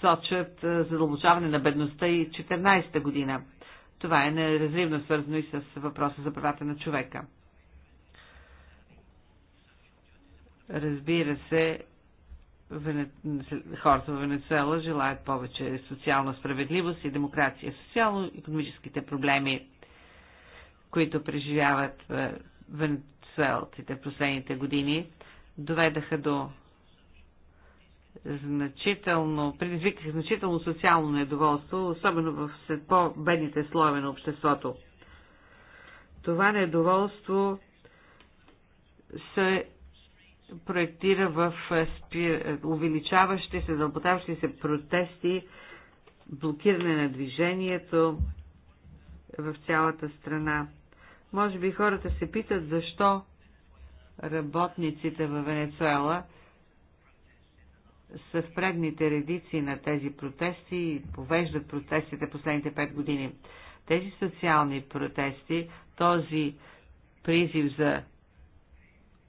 сочат задълбочаване на бедността и 14-та година. Това е неразривно свързано и с въпроса за правата на човека. Разбира се, хората в Венецуела желаят повече социална справедливост и демокрация. Социално-економическите проблеми, които преживяват е, венецуелците в последните години, доведаха до значително, предизвикаха значително социално недоволство, особено в по-бедните слоеве на обществото. Това недоволство се проектира в увеличаващи се, задълбочаващи се протести, блокиране на движението в цялата страна. Може би хората се питат защо работниците в Венецуела са в предните редици на тези протести и повеждат протестите последните пет години. Тези социални протести, този призив за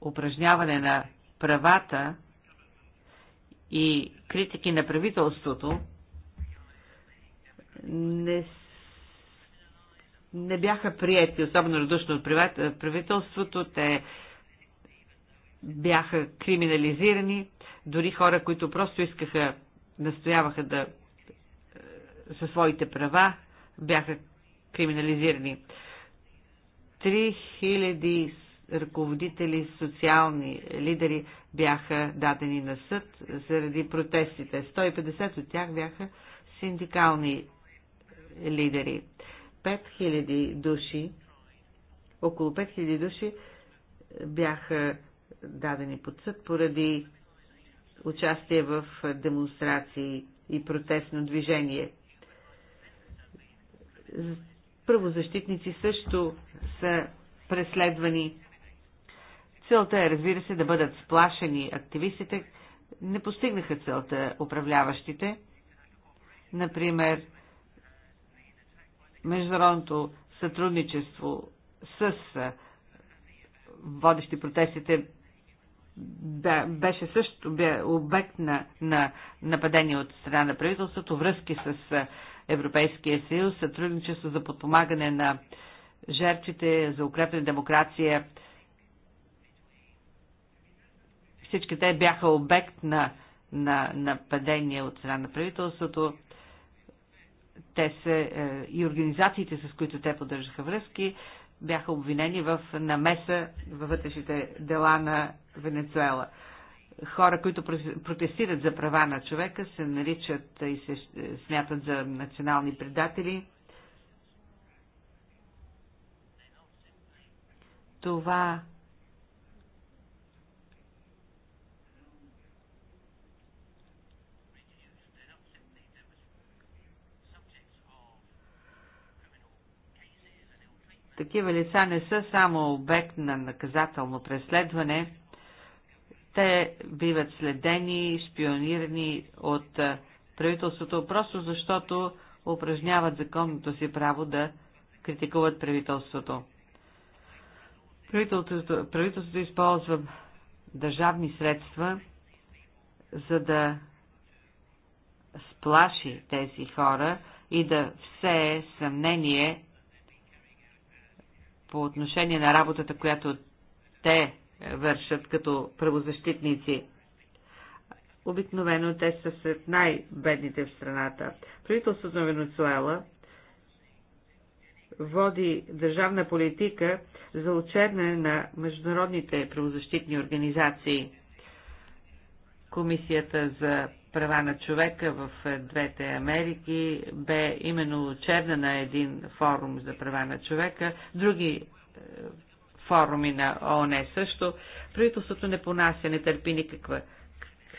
упражняване на правата и критики на правителството не, не бяха прияти, особено радушно от правителството. Те бяха криминализирани, дори хора, които просто искаха, настояваха да е, със своите права, бяха криминализирани ръководители, социални лидери бяха дадени на съд заради протестите. 150 от тях бяха синдикални лидери. 5000 души, около 5000 души бяха дадени под съд поради участие в демонстрации и протестно движение. Правозащитници също са преследвани Целта е, разбира се, да бъдат сплашени активистите. Не постигнаха целта управляващите. Например, международното сътрудничество с водещи протестите беше също бе обект на, на нападение от страна на правителството, връзки с Европейския съюз, сътрудничество за подпомагане на жертвите, за на демокрация, Всички те бяха обект на, на от страна на правителството. Те се, е, и организациите, с които те поддържаха връзки, бяха обвинени в намеса във вътрешните дела на Венецуела. Хора, които протестират за права на човека, се наричат и се е, смятат за национални предатели. Това такива лица не са само обект на наказателно преследване, те биват следени, шпионирани от правителството, просто защото упражняват законното си право да критикуват правителството. Правителството, правителството използва държавни средства, за да сплаши тези хора и да все съмнение по отношение на работата, която те вършат като правозащитници. Обикновено те са сред най-бедните в страната. Правителството на Венецуела води държавна политика за очерняне на международните правозащитни организации. Комисията за права на човека в е, двете Америки бе именно учебна на един форум за права на човека, други е, форуми на ООН също. Правителството не понася, не търпи никаква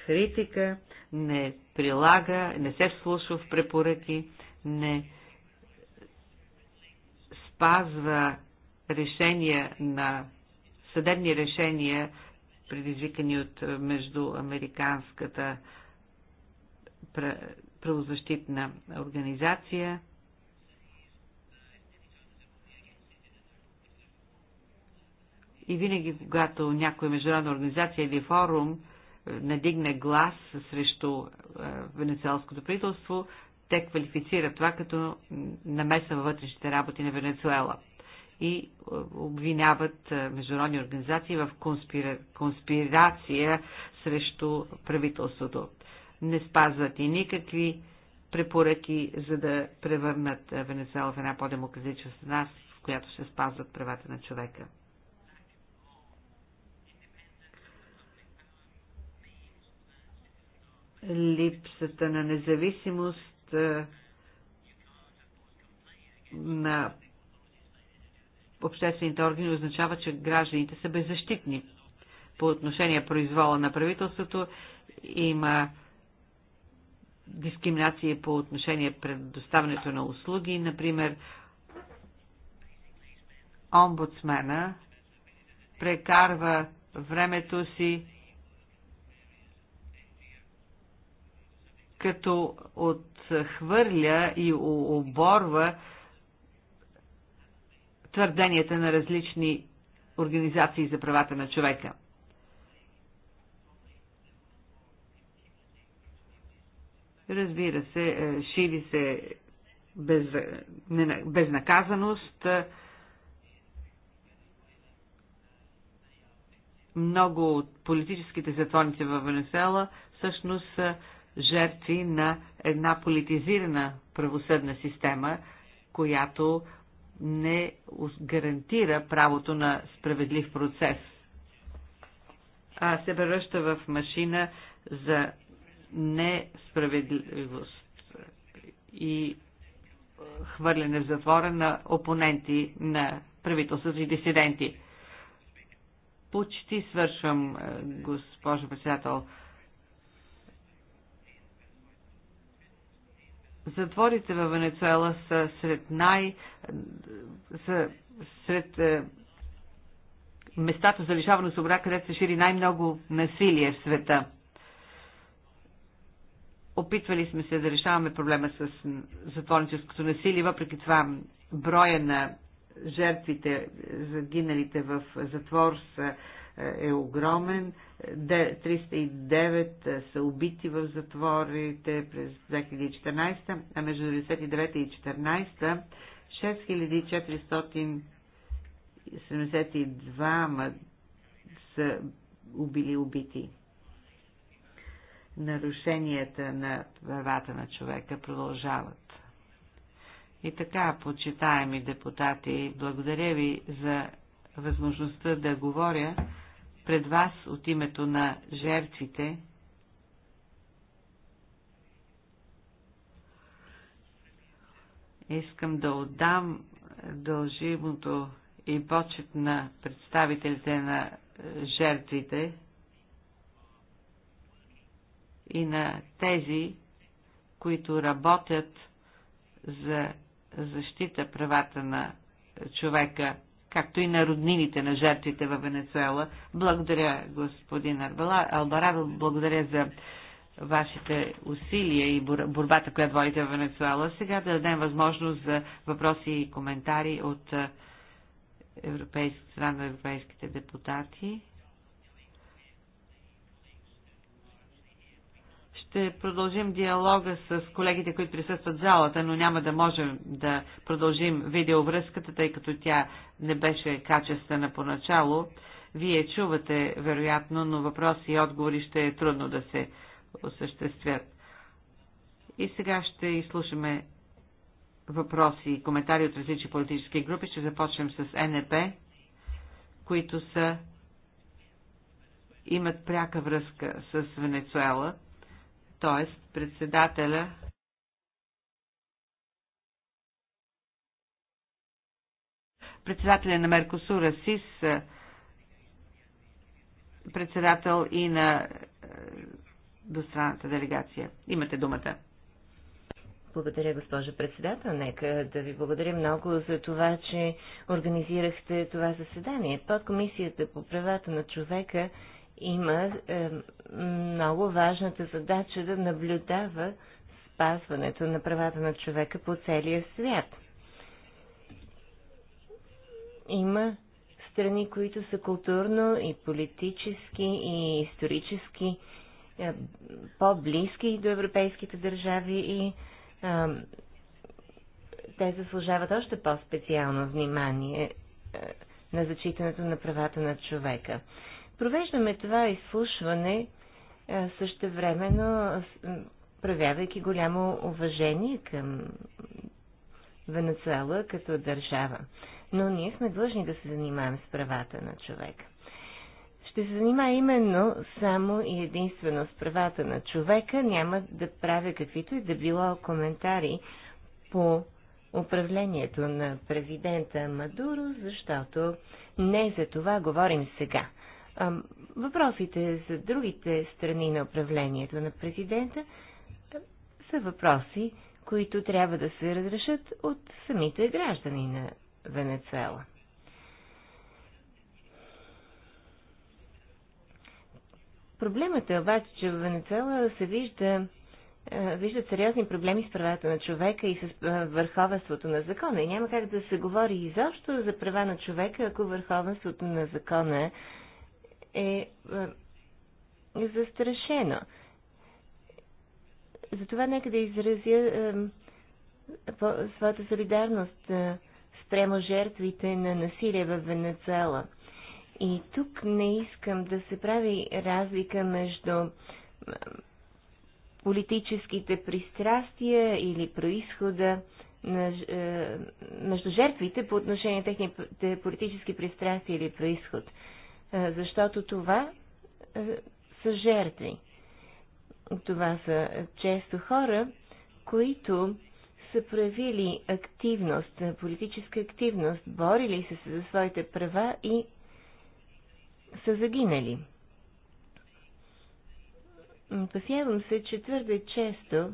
критика, не прилага, не се вслушва в препоръки, не спазва решения на съдебни решения, предизвикани от е, междуамериканската правозащитна организация. И винаги, когато някоя международна организация или форум е, надигне глас срещу е, венецуелското правителство, те квалифицират това като намеса във вътрешните работи на Венецуела и е, обвиняват международни организации в конспира... конспирация срещу правителството не спазват и никакви препоръки, за да превърнат Венецуела в една по-демократична страна, в която ще спазват правата на човека. Липсата на независимост на обществените органи означава, че гражданите са беззащитни. По отношение произвола на правителството има дискриминации по отношение предоставянето на услуги. Например, омбудсмена прекарва времето си като отхвърля и оборва твърденията на различни организации за правата на човека – Разбира се, е, шири се без, безнаказаност. Много от политическите затворници в Венесуела всъщност са жертви на една политизирана правосъдна система, която не гарантира правото на справедлив процес, а се превръща в машина за несправедливост и е, хвърляне в затвора на опоненти на правителството и дисиденти. Почти свършвам, е, госпожо председател. Затворите във Венецуела са сред най... Е, са сред местата за лишаване свобода, където се шири най-много насилие в света. Опитвали сме се да решаваме проблема с затворническото насилие, въпреки това броя на жертвите, загиналите в затвор са, е, е огромен. 309 е, са убити в затворите през 2014, а между 1999 и 2014 6472 са убили убити нарушенията на правата на човека продължават. И така, почитаеми депутати, благодаря ви за възможността да говоря пред вас от името на жертвите искам да отдам дължимото и почет на представителите на жертвите, и на тези, които работят за защита правата на човека, както и на роднините на жертвите във Венецуела. Благодаря, господин Албарадо, благодаря за вашите усилия и борбата, която водите в Венецуела. Сега да дадем възможност за въпроси и коментари от е, европейски страна на европейските депутати. ще продължим диалога с колегите, които присъстват в залата, но няма да можем да продължим видеовръзката, тъй като тя не беше качествена поначало. Вие чувате, вероятно, но въпроси и отговори ще е трудно да се осъществят. И сега ще изслушаме въпроси и коментари от различни политически групи. Ще започнем с НЕП, които са имат пряка връзка с Венецуела т.е. председателя председателя на Меркосура СИС, е, председател и на е, двустранната делегация. Имате думата. Благодаря, госпожа председател. Нека да ви благодаря много за това, че организирахте това заседание. Подкомисията по правата на човека има е, много важната задача да наблюдава спазването на правата на човека по целия свят. Има страни, които са културно и политически и исторически е, по-близки до европейските държави и е, те заслужават още по-специално внимание е, на зачитането на правата на човека. Провеждаме това изслушване същевременно, проявявайки голямо уважение към Венецуела като държава. Но ние сме длъжни да се занимаем с правата на човека. Ще се занимава именно само и единствено с правата на човека. Няма да правя каквито и да било коментари по управлението на президента Мадуро, защото не за това говорим сега. Въпросите за другите страни на управлението на президента са въпроси, които трябва да се разрешат от самите граждани на Венецуела. Проблемът е обаче, че в Венецуела се вижда, виждат сериозни проблеми с правата на човека и с върховенството на закона. И няма как да се говори изобщо за права на човека, ако върховенството на закона е, е, е застрашено. Затова нека да изразя е, своята солидарност спрямо жертвите на насилие в Венецуела. И тук не искам да се прави разлика между политическите пристрастия или происхода на, между жертвите по отношение на техните политически пристрастия или происход защото това са жертви. Това са често хора, които са проявили активност, политическа активност, борили се за своите права и са загинали. Опасявам се, че твърде често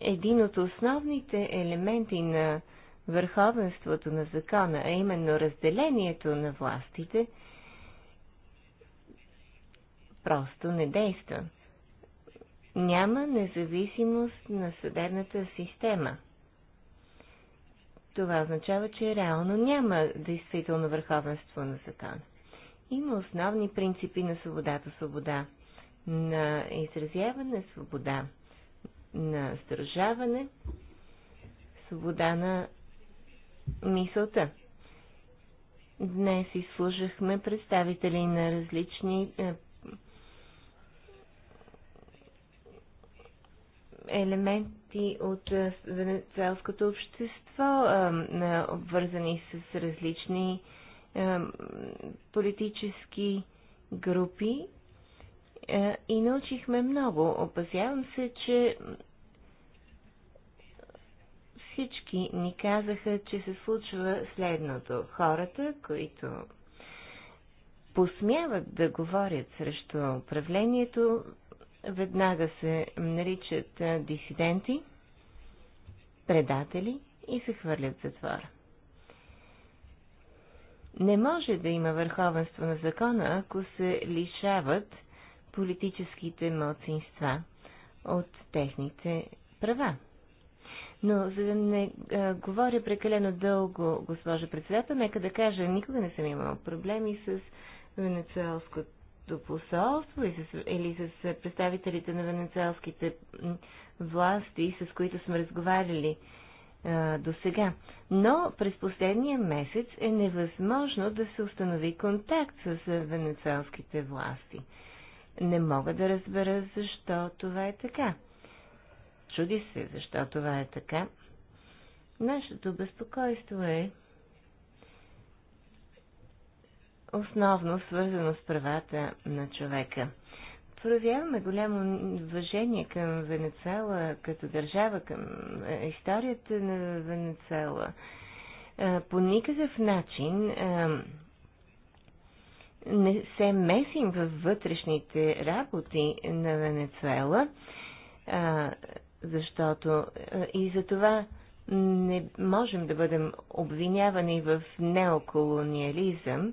един от основните елементи на върховенството на закона, а именно разделението на властите, просто не действа. Няма независимост на съдебната система. Това означава, че реално няма действително върховенство на закона. Има основни принципи на свободата, свобода на изразяване, свобода на сдържаване, свобода на мисълта. Днес изслужахме представители на различни е, елементи от е, венецуелското общество, е, обвързани с различни политически групи и научихме много. Опасявам се, че всички ни казаха, че се случва следното. Хората, които посмяват да говорят срещу управлението, веднага се наричат дисиденти, предатели и се хвърлят в затвора. Не може да има върховенство на закона, ако се лишават политическите младсинства от техните права. Но за да не а, говоря прекалено дълго, госпожа председател, нека да кажа, никога не съм имала проблеми с венецуелското посолство и с, или с представителите на венецуелските власти, с които сме разговаряли а, до сега. Но през последния месец е невъзможно да се установи контакт с венецуелските власти. Не мога да разбера защо това е така. Чуди се, защо това е така. Нашето безпокойство е основно свързано с правата на човека. Проявяваме голямо уважение към Венецела като държава, към е, историята на Венецела. Е, по никакъв начин е, не се месим във вътрешните работи на Венецуела защото е, и за това не можем да бъдем обвинявани в неоколониализъм,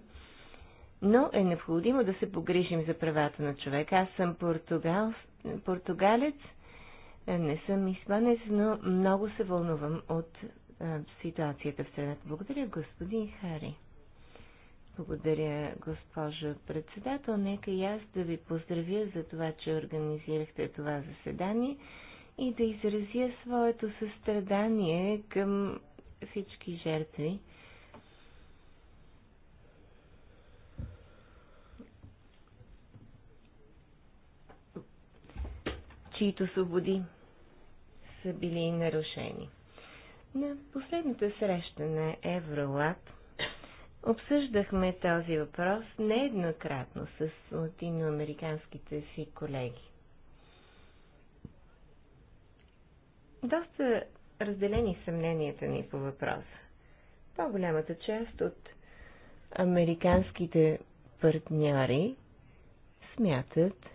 но е необходимо да се погрижим за правата на човека. Аз съм португал, португалец, е, не съм испанец, но много се вълнувам от а, е, ситуацията в страната. Благодаря, господин Хари. Благодаря, госпожо председател. Нека и аз да ви поздравя за това, че организирахте това заседание и да изразя своето състрадание към всички жертви. чието свободи са били нарушени. На последната среща на Евролад обсъждахме този въпрос нееднократно с латиноамериканските си колеги. Доста разделени съмненията ни по въпроса. По-голямата част от американските партньори смятат,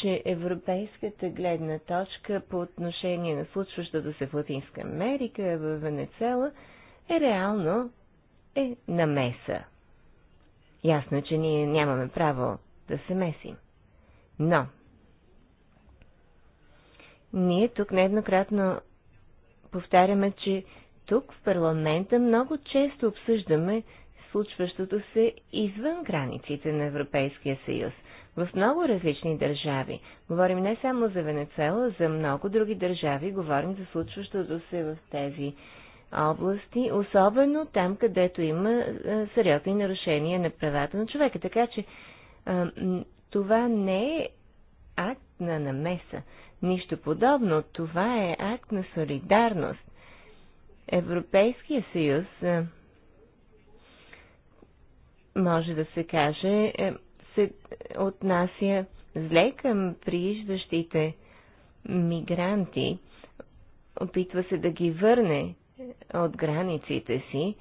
че европейската гледна точка по отношение на случващото се в Латинска Америка, в Венецела, е реално е намеса. Ясно е, че ние нямаме право да се месим. Но ние тук нееднократно повтаряме, че тук в парламента много често обсъждаме случващото се извън границите на Европейския съюз, в много различни държави. Говорим не само за Венецуела, за много други държави, говорим за случващото се в тези области, особено там, където има сериозни нарушения на правата на човека. Така че това не е на намеса. Нищо подобно. Това е акт на солидарност. Европейския съюз е, може да се каже, е, се отнася зле към прииждащите мигранти, опитва се да ги върне от границите си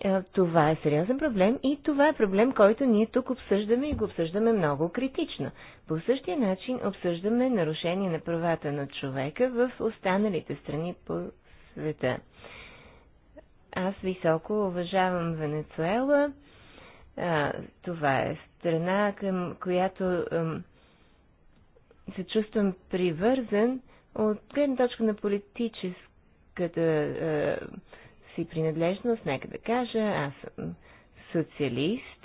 е, това е сериозен проблем и това е проблем, който ние тук обсъждаме и го обсъждаме много критично. По същия начин обсъждаме нарушение на правата на човека в останалите страни по света. Аз високо уважавам Венецуела. това е страна, към която се чувствам привързан от гледна точка на политическата си принадлежност, нека да кажа, аз съм социалист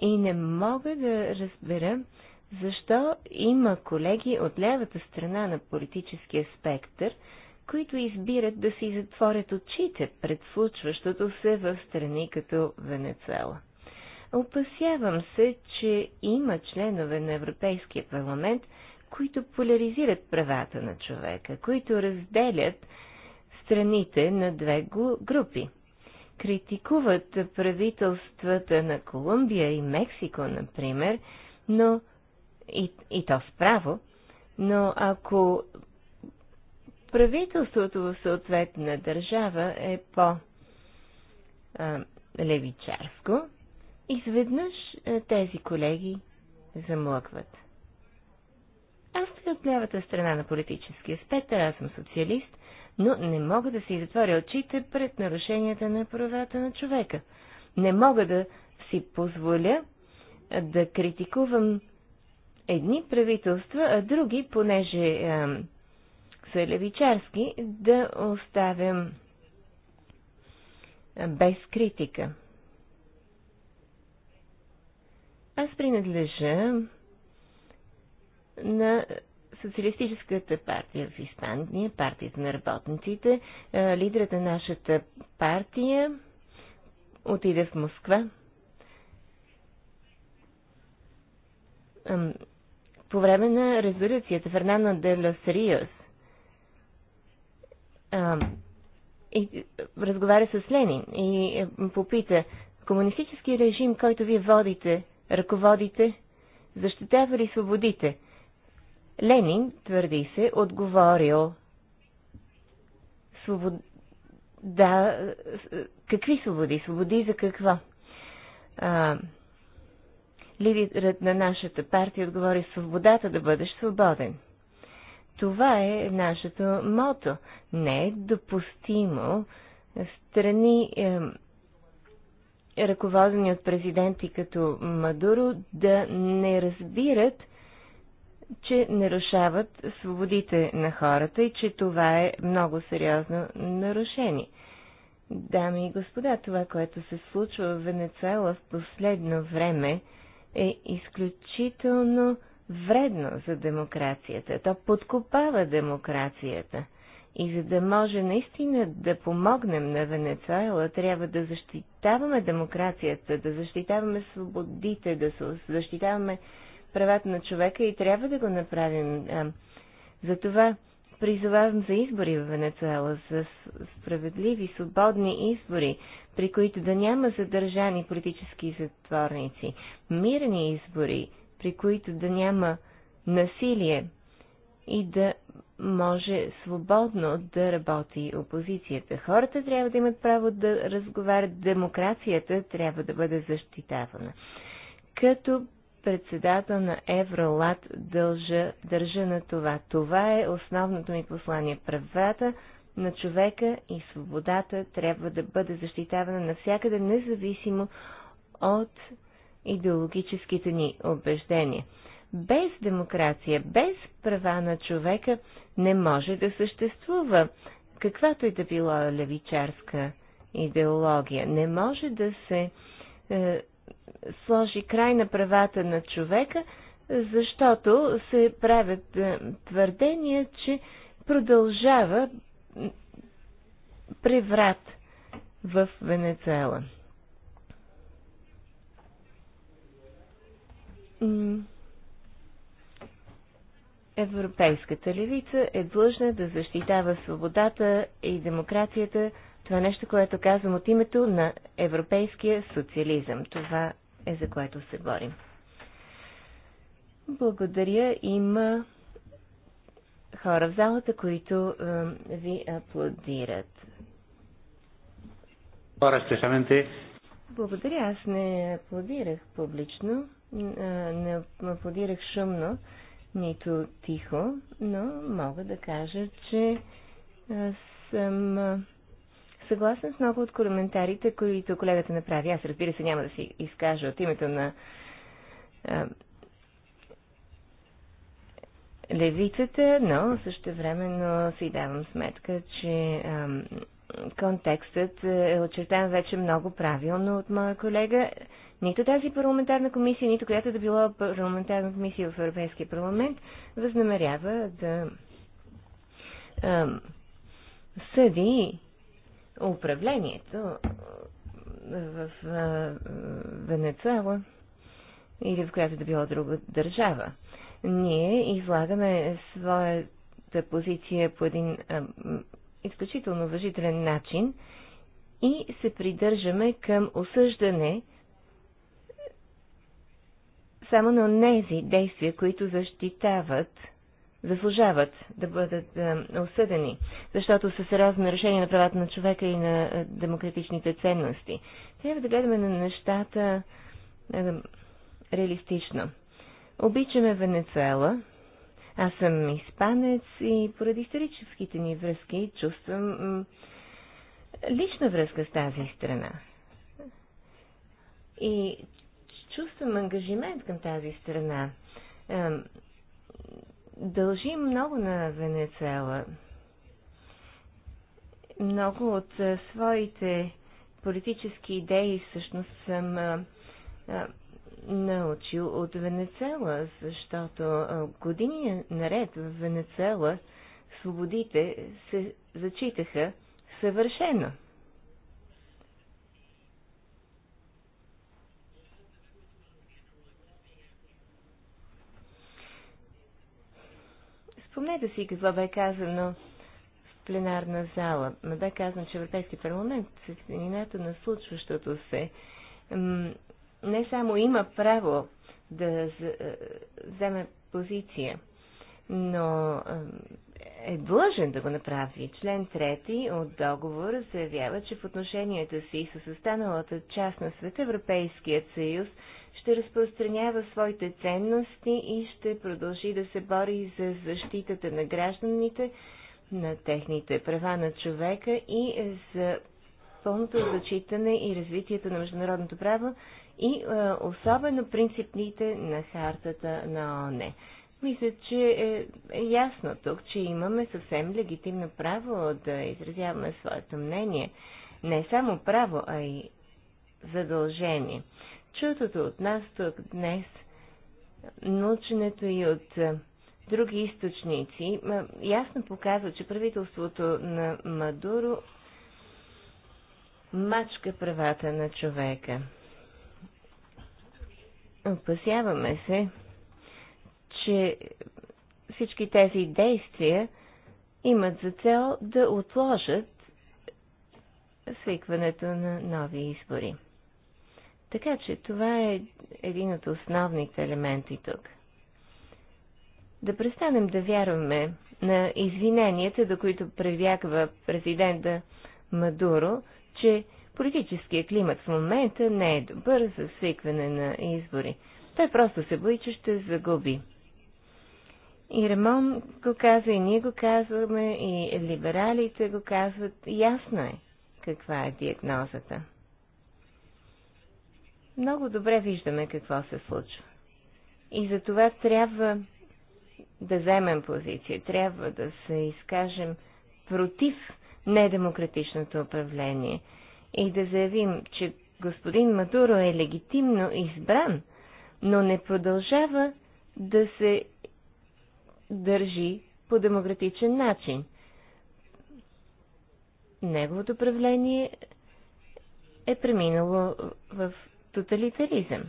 и не мога да разбера защо има колеги от левата страна на политическия спектър, които избират да си затворят очите пред случващото се в страни като Венецела. Опасявам се, че има членове на Европейския парламент, които поляризират правата на човека, които разделят страните на две групи. Критикуват правителствата на Колумбия и Мексико, например, но и, и то справо, но ако правителството в съответна държава е по а, левичарско, изведнъж тези колеги замлъкват. Аз стоя от лявата страна на политическия спектър, аз съм социалист но не мога да си затворя очите пред нарушенията на правата на човека. Не мога да си позволя да критикувам едни правителства, а други, понеже е, са левичарски, да оставям без критика. Аз принадлежа на Социалистическата партия в Испания, партията на работниците, лидерът на нашата партия отиде в Москва. По време на резолюцията Фернана де Лос Риос разговаря с Ленин и попита, комунистически режим, който вие водите, ръководите, защитава ли свободите? Ленин, твърди се, отговорил свобод... да, какви свободи? Свободи за какво? А, лидерът на нашата партия отговори свободата да бъдеш свободен. Това е нашето мото. Не е допустимо страни, е, ръководени от президенти като Мадуро, да не разбират, че нарушават свободите на хората и че това е много сериозно нарушение. Дами и господа, това, което се случва в Венецуела в последно време, е изключително вредно за демокрацията. То подкопава демокрацията. И за да може наистина да помогнем на Венецуела, трябва да защитаваме демокрацията, да защитаваме свободите, да защитаваме правата на човека и трябва да го направим. Затова призовавам за избори в Венецуела, за справедливи, свободни избори, при които да няма задържани политически затворници, мирни избори, при които да няма насилие и да може свободно да работи опозицията. Хората трябва да имат право да разговарят, демокрацията трябва да бъде защитавана. Като председател на Евролат дължа, държа на това. Това е основното ми послание. Правата на човека и свободата трябва да бъде защитавана навсякъде, независимо от идеологическите ни убеждения. Без демокрация, без права на човека не може да съществува каквато и да било левичарска идеология. Не може да се е, сложи край на правата на човека, защото се правят е, твърдения, че продължава преврат в Венецуела. Европейската левица е длъжна да защитава свободата и демокрацията това е нещо, което казвам от името на европейския социализъм. Това е за което се борим. Благодаря. Има хора в залата, които э, ви аплодират. Благодаря. Аз не аплодирах публично, не аплодирах шумно, нито тихо, но мога да кажа, че съм съгласен с много от коментарите, които колегата направи. Аз разбира се няма да си изкажа от името на а, левицата, но също времено си давам сметка, че а, контекстът е очертан вече много правилно от моя колега. Нито тази парламентарна комисия, нито която да била парламентарна комисия в Европейския парламент, възнамерява да а, съди управлението в Венецуела или в която да била друга държава. Ние излагаме своята позиция по един изключително уважителен начин и се придържаме към осъждане само на тези действия, които защитават заслужават да бъдат е, осъдени, защото са сериозно решение на правата на човека и на е, демократичните ценности. Трябва да гледаме на нещата е, реалистично. Обичаме Венецуела. Аз съм испанец и поради историческите ни връзки чувствам лична връзка с тази страна. И чувствам ангажимент към тази страна дължи много на Венецела. Много от а, своите политически идеи всъщност съм а, а, научил от Венецела, защото а, години наред в Венецуела свободите се зачитаха съвършено. Спомнете си какво бе казано в пленарна зала. Ме бе казано, че Европейски парламент светлината на случващото се не само има право да е, вземе позиция, но е длъжен да го направи. Член 3 от договора заявява, че в отношенията си с останалата част на света Европейският съюз ще разпространява своите ценности и ще продължи да се бори за защитата на гражданите, на техните права на човека и за пълното зачитане и развитието на международното право и е, особено принципните на хартата на ООН. Мисля, че е, е ясно тук, че имаме съвсем легитимно право да изразяваме своето мнение. Не само право, а и задължение чутото от нас тук днес, наученето и от е, други източници, ясно показва, че правителството на Мадуро мачка правата на човека. Опасяваме се, че всички тези действия имат за цел да отложат свикването на нови избори. Така че това е един от основните елементи тук. Да престанем да вярваме на извиненията, до които превяква президента Мадуро, че политическия климат в момента не е добър за свикване на избори. Той просто се бои, че ще загуби. И Ремон го казва, и ние го казваме, и либералите го казват. Ясно е каква е диагнозата много добре виждаме какво се случва. И за това трябва да вземем позиция, трябва да се изкажем против недемократичното управление и да заявим, че господин Мадуро е легитимно избран, но не продължава да се държи по демократичен начин. Неговото правление е преминало в тоталитаризъм.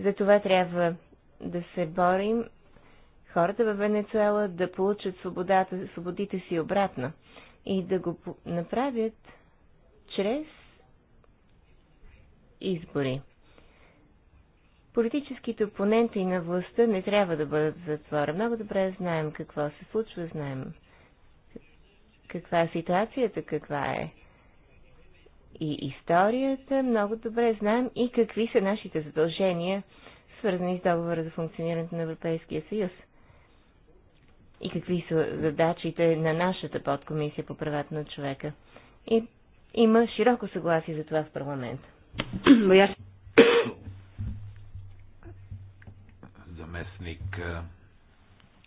За това трябва да се борим хората във Венецуела да получат свободата, свободите си обратно и да го направят чрез избори. Политическите опоненти на властта не трябва да бъдат в затвора. Много добре знаем какво се случва, знаем каква е ситуацията, каква е и историята, много добре знаем и какви са нашите задължения, свързани с договора за функционирането на Европейския съюз. И какви са задачите на нашата подкомисия по правата на човека. И има широко съгласие за това в парламент. Заместник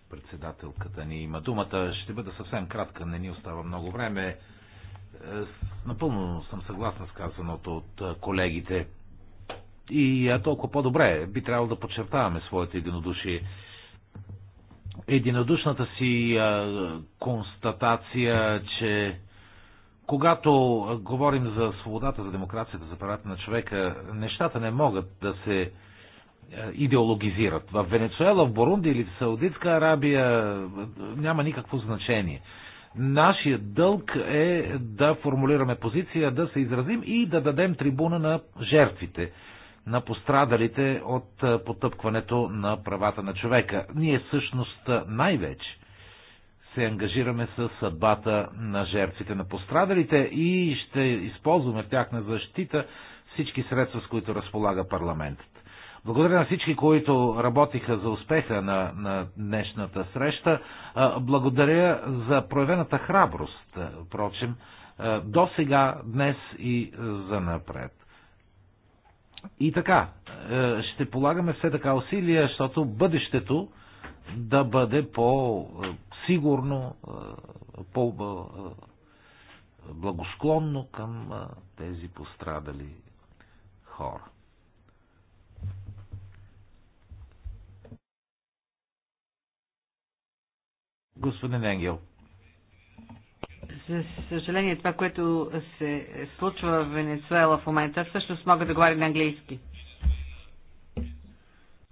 председателката ни има думата. Ще бъда съвсем кратка, не ни остава много време. Е, напълно съм съгласна с казаното от е, колегите. И е, толкова по-добре би трябвало да подчертаваме своите единодушие. Единодушната си констатация, че когато говорим за свободата, за демокрацията, за правата на човека, нещата не могат да се идеологизират. В Венецуела, в Бурунди или в Саудитска Арабия няма никакво значение. Нашия дълг е да формулираме позиция, да се изразим и да дадем трибуна на жертвите, на пострадалите от потъпкването на правата на човека. Ние всъщност най-вече се ангажираме с съдбата на жертвите, на пострадалите и ще използваме в тяхна защита всички средства, с които разполага парламентът. Благодаря на всички, които работиха за успеха на, на днешната среща. Благодаря за проявената храброст, впрочем, до сега, днес и за напред. И така, ще полагаме все така усилия, защото бъдещето да бъде по-сигурно, по-благосклонно към тези пострадали хора. Господин Енгел. За съжаление, това, което се случва в Венецуела в момента, всъщност мога да говоря на английски.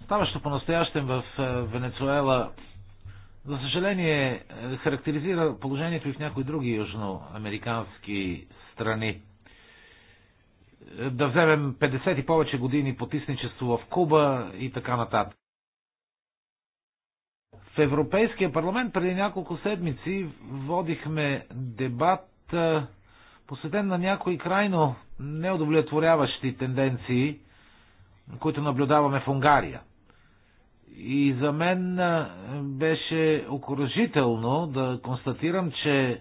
Ставащо по-настоящем в е, Венецуела, за съжаление, е, характеризира положението и в някои други южноамерикански страни. Е, да вземем 50 и повече години потисничество в Куба и така нататък. Европейския парламент преди няколко седмици водихме дебат посветен на някои крайно неудовлетворяващи тенденции, които наблюдаваме в Унгария. И за мен беше окоръжително да констатирам, че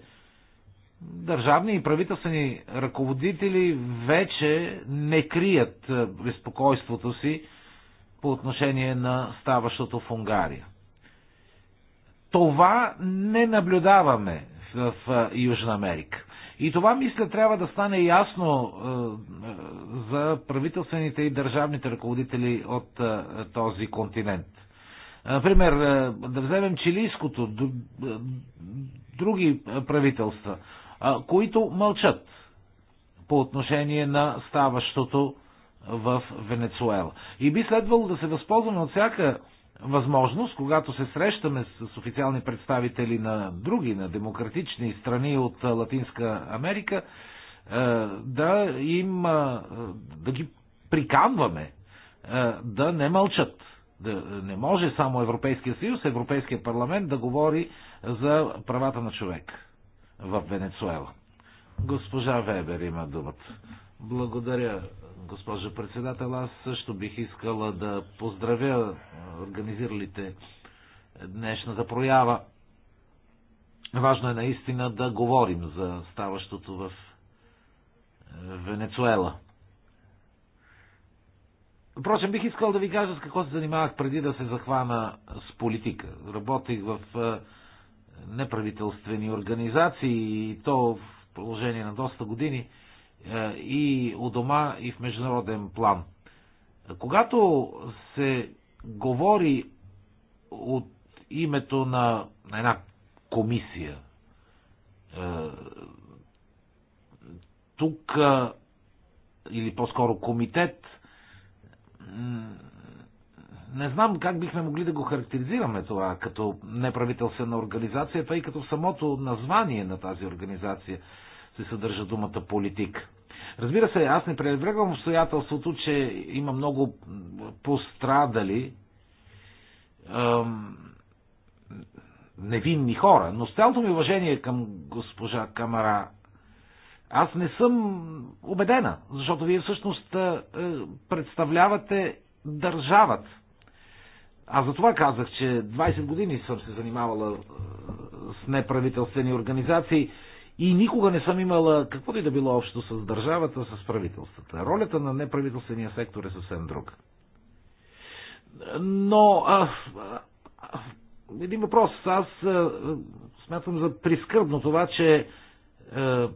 държавни и правителствени ръководители вече не крият безпокойството си по отношение на ставащото в Унгария. Това не наблюдаваме в е, Южна Америка. И това, мисля, трябва да стане ясно е, е, за правителствените и държавните ръководители от този континент. Например, да вземем чилийското, други правителства, които мълчат по отношение на ставащото в Венецуела. И би следвало да се възползваме от всяка възможност, когато се срещаме с официални представители на други, на демократични страни от Латинска Америка, е, да им да ги приканваме е, да не мълчат. Да, не може само Европейския съюз, Европейския парламент да говори за правата на човек в Венецуела. Госпожа Вебер има думата. Благодаря, госпожо председател. Аз също бих искала да поздравя организиралите днешната проява. Важно е наистина да говорим за ставащото в е, Венецуела. Впрочем, бих искал да ви кажа с какво се занимавах преди да се захвана с политика. Работих в е, неправителствени организации и то в продължение на доста години е, и у дома, и в международен план. Когато се говори от името на една комисия, е, тук е, или по-скоро комитет, не знам как бихме могли да го характеризираме това като неправителствена организация, тъй като самото название на тази организация се съдържа думата политик. Разбира се, аз не пренебрегвам обстоятелството, че има много пострадали ем, невинни хора, но с цялото ми уважение към госпожа Камара, аз не съм убедена, защото вие всъщност е, представлявате държавата. Аз за това казах, че 20 години съм се занимавала с неправителствени организации и никога не съм имала какво ли да било общо с държавата, с правителствата. Ролята на неправителствения сектор е съвсем друга. Но а, а, един въпрос. Аз а, смятам за прискърбно това, че а,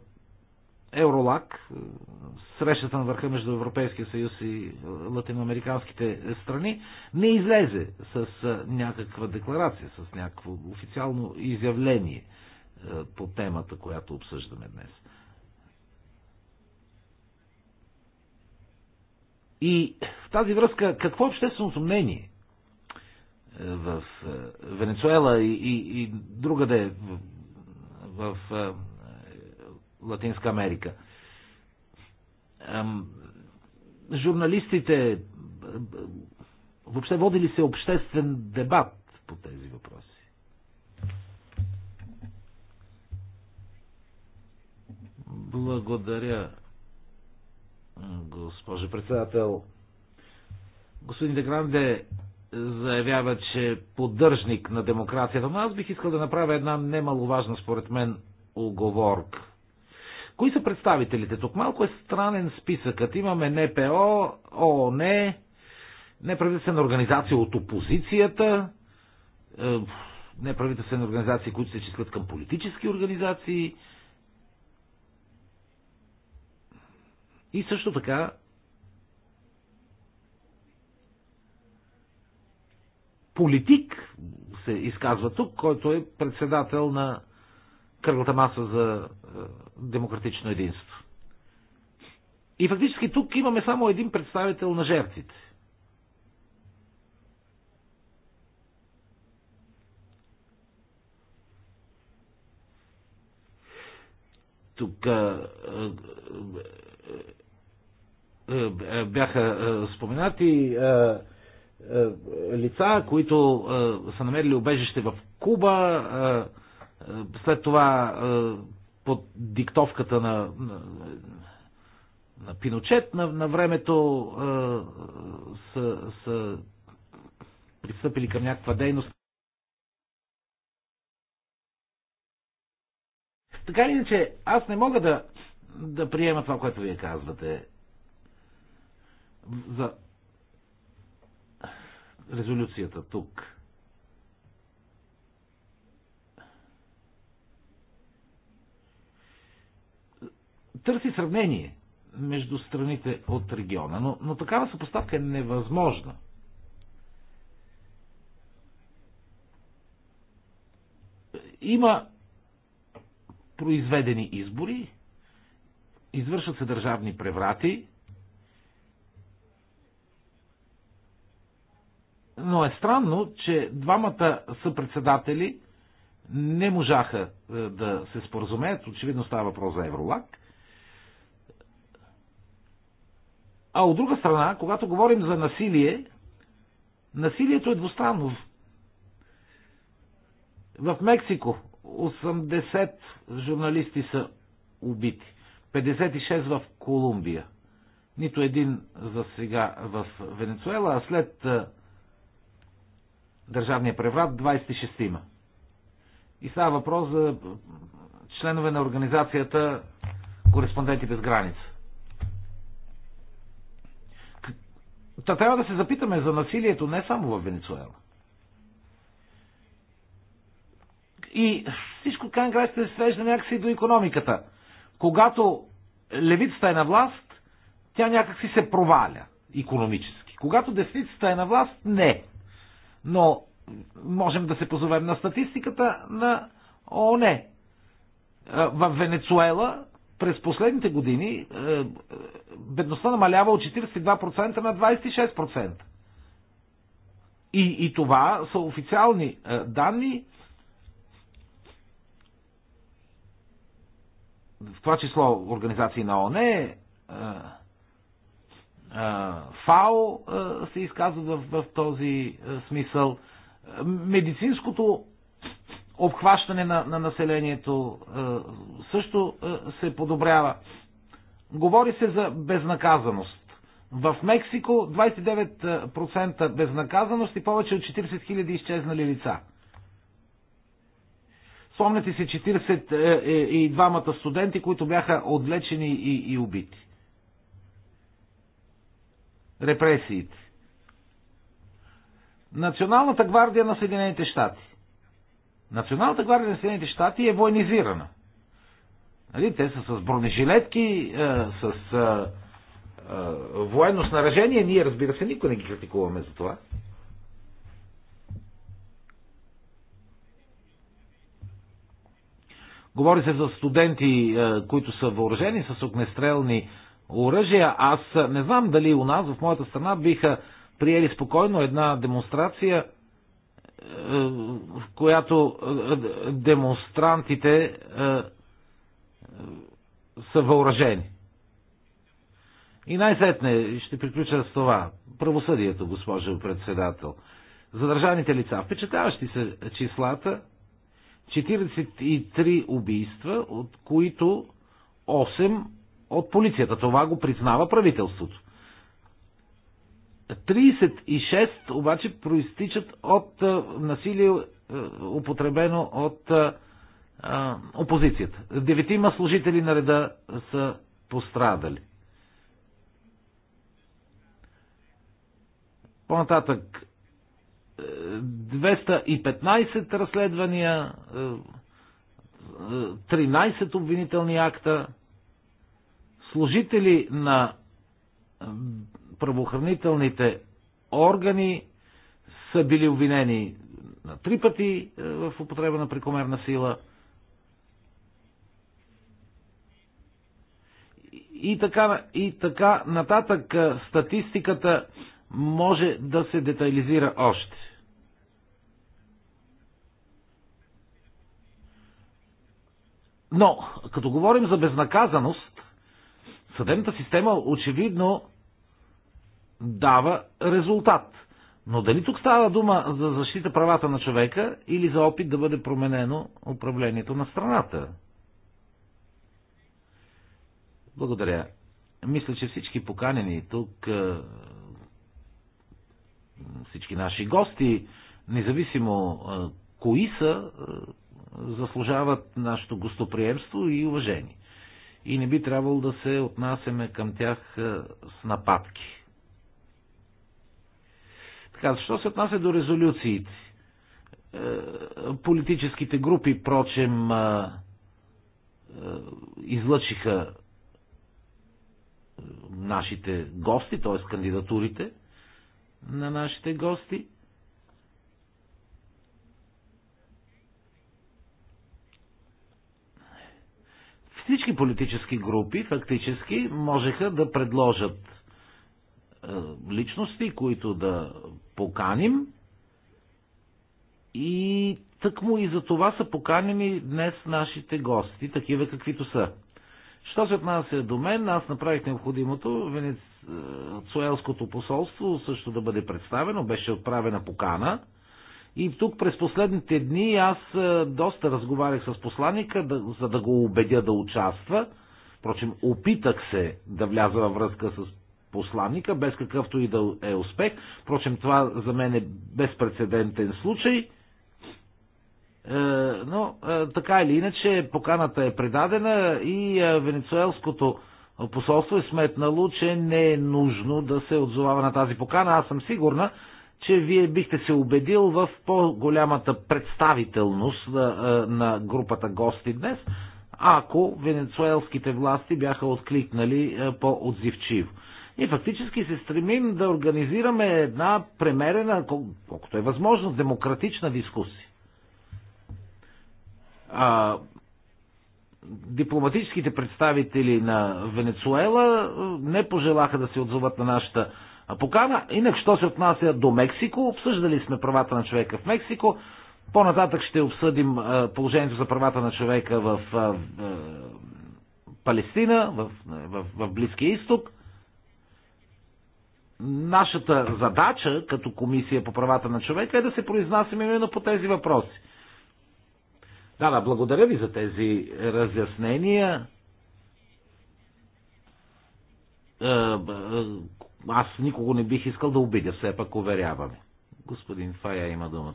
Евролак, срещата на върха между Европейския съюз и латиноамериканските страни, не излезе с някаква декларация, с някакво официално изявление – е, по темата, която обсъждаме днес. И в тази връзка, какво е общественото мнение е, в е, Венецуела и, и, и другаде в, в, в Латинска Америка? Журналистите въобще водили се обществен дебат по тези въпроси? Благодаря, госпожо председател. Господин Дегранде заявява, че е поддръжник на демокрацията, но аз бих искал да направя една немаловажна, според мен, оговорка. Кои са представителите? Тук малко е странен списъкът. Имаме НПО, ООН, неправителствена организация от опозицията, е, неправителствена организации, които се числят към политически организации, И също така политик се изказва тук, който е председател на Кръглата маса за е, демократично единство. И фактически тук имаме само един представител на жертвите. Тук е, е, е, е, бяха е, споменати лица, които са намерили обежище в Куба, след това под диктовката на, на, на Пиночет на, на времето са, са пристъпили към някаква дейност. Така или иначе, аз не мога да, да приема това, което вие казвате за резолюцията тук. Търси сравнение между страните от региона, но, но такава съпоставка е невъзможна. Има произведени избори, извършват се държавни преврати, но е странно, че двамата съпредседатели не можаха е, да се споразумеят. Очевидно става въпрос за Евролак. А от друга страна, когато говорим за насилие, насилието е двустранно. В Мексико 80 журналисти са убити, 56 в Колумбия, нито един за сега в Венецуела, а след е, държавния преврат 26-ма. И става въпрос за членове на организацията Кореспонденти без граница. Та трябва да се запитаме за насилието не само в Венецуела. И всичко край се свежда някакси до економиката. Когато левицата е на власт, тя някакси се проваля економически. Когато десницата е на власт, не. Но можем да се позовем на статистиката на ООН. Е, в Венецуела през последните години е, бедността намалява от 42% на 26%. И, и това са официални е, данни, в това число организации на ОНЕ, ФАО се изказват в, в този смисъл. Медицинското обхващане на, на населението също се подобрява. Говори се за безнаказаност. В Мексико 29% безнаказаност и повече от 40 000 изчезнали лица. Спомняте се 42 е, е, студенти, които бяха отвлечени и, и убити репресиите. Националната гвардия на Съединените щати. Националната гвардия на Съединените щати е военизирана. Нали? Те са с бронежилетки, е, с е, е, военно снаражение. Ние, разбира се, никой не ги критикуваме за това. Говори се за студенти, които са въоръжени с огнестрелни оръжия. Аз не знам дали у нас, в моята страна, биха приели спокойно една демонстрация, в е, която е, демонстрантите е, са въоръжени. И най-сетне ще приключа с това. Правосъдието, госпожо председател. Задържаните лица. Впечатляващи са числата. 43 убийства, от които 8 от полицията. Това го признава правителството. 36 обаче проистичат от е, насилие, е, употребено от е, опозицията. Деветима служители на реда са пострадали. По-нататък 215 разследвания, 13 обвинителни акта, служители на правоохранителните органи са били обвинени на три пъти в употреба на прекомерна сила. И така, и така нататък статистиката може да се детайлизира още. Но, като говорим за безнаказаност, съдебната система очевидно дава резултат. Но дали тук става дума за защита правата на човека или за опит да бъде променено управлението на страната? Благодаря. Мисля, че всички поканени тук, е, всички наши гости, независимо е, кои са, е, заслужават нашето гостоприемство и уважение и не би трябвало да се отнасяме към тях е, с нападки. Така, защо се отнася до резолюциите? Е, политическите групи, прочем, е, излъчиха нашите гости, т.е. кандидатурите на нашите гости. Всички политически групи фактически можеха да предложат е, личности, които да поканим и тъкмо и за това са поканени днес нашите гости, такива каквито са. Що се отнася до мен, аз направих необходимото Венецуелското е, посолство също да бъде представено, беше отправена покана – и тук през последните дни аз е, доста разговарях с посланника, за да го убедя да участва. Впрочем, опитах се да вляза във връзка с посланника, без какъвто и да е успех. Впрочем, това за мен е безпредседентен случай. Е, но е, така или иначе, поканата е предадена и венецуелското посолство е сметнало, че не е нужно да се отзовава на тази покана. Аз съм сигурна, че вие бихте се убедил в по-голямата представителност на, на групата гости днес, ако венецуелските власти бяха откликнали по-отзивчиво. И фактически се стремим да организираме една премерена, колкото е възможно, демократична дискусия. А, дипломатическите представители на Венецуела не пожелаха да се отзоват на нашата а покана, инак, що се отнася до Мексико, обсъждали сме правата на човека в Мексико, по-нататък ще обсъдим положението за правата на човека в Палестина, в, в, в Близкия изток. Нашата задача като Комисия по правата на човека е да се произнасяме именно по тези въпроси. Да, да, благодаря ви за тези разяснения аз никого не бих искал да обидя, все пак уверяваме. Господин Фая има думата.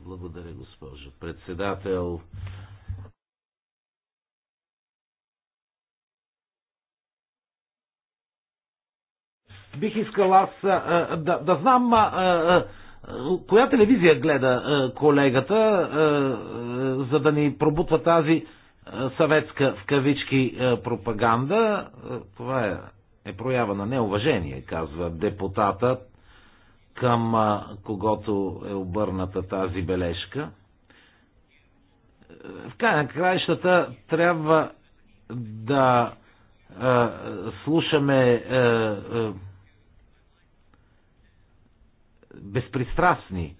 Благодаря, госпожо председател. Бих искал аз а, да, да знам а, а, коя телевизия гледа а, колегата, а, а, за да ни пробутва тази съветска в кавички е, пропаганда. Е, това е, е проява на неуважение, казва депутатът към е, когото е обърната тази бележка. В край на краищата трябва да е, слушаме е, е, безпристрастни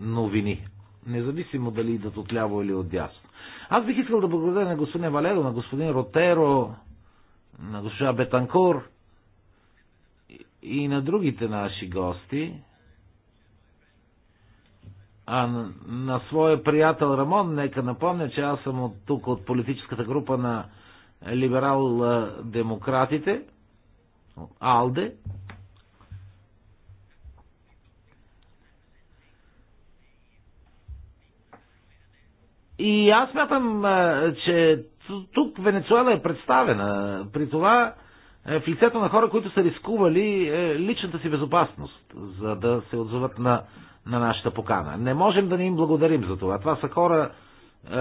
новини, независимо дали идват от ляво или от дясно. Аз бих искал да благодаря на господин Валеро, на господин Ротеро, на госпожа Бетанкор и на другите наши гости, а на своя приятел Рамон, нека напомня, че аз съм от тук, от политическата група на либерал-демократите, АЛДЕ, И аз мятам, че тук Венецуела е представена. При това е, в лицето на хора, които са рискували е, личната си безопасност, за да се отзоват на, на нашата покана. Не можем да не им благодарим за това. Това са хора е,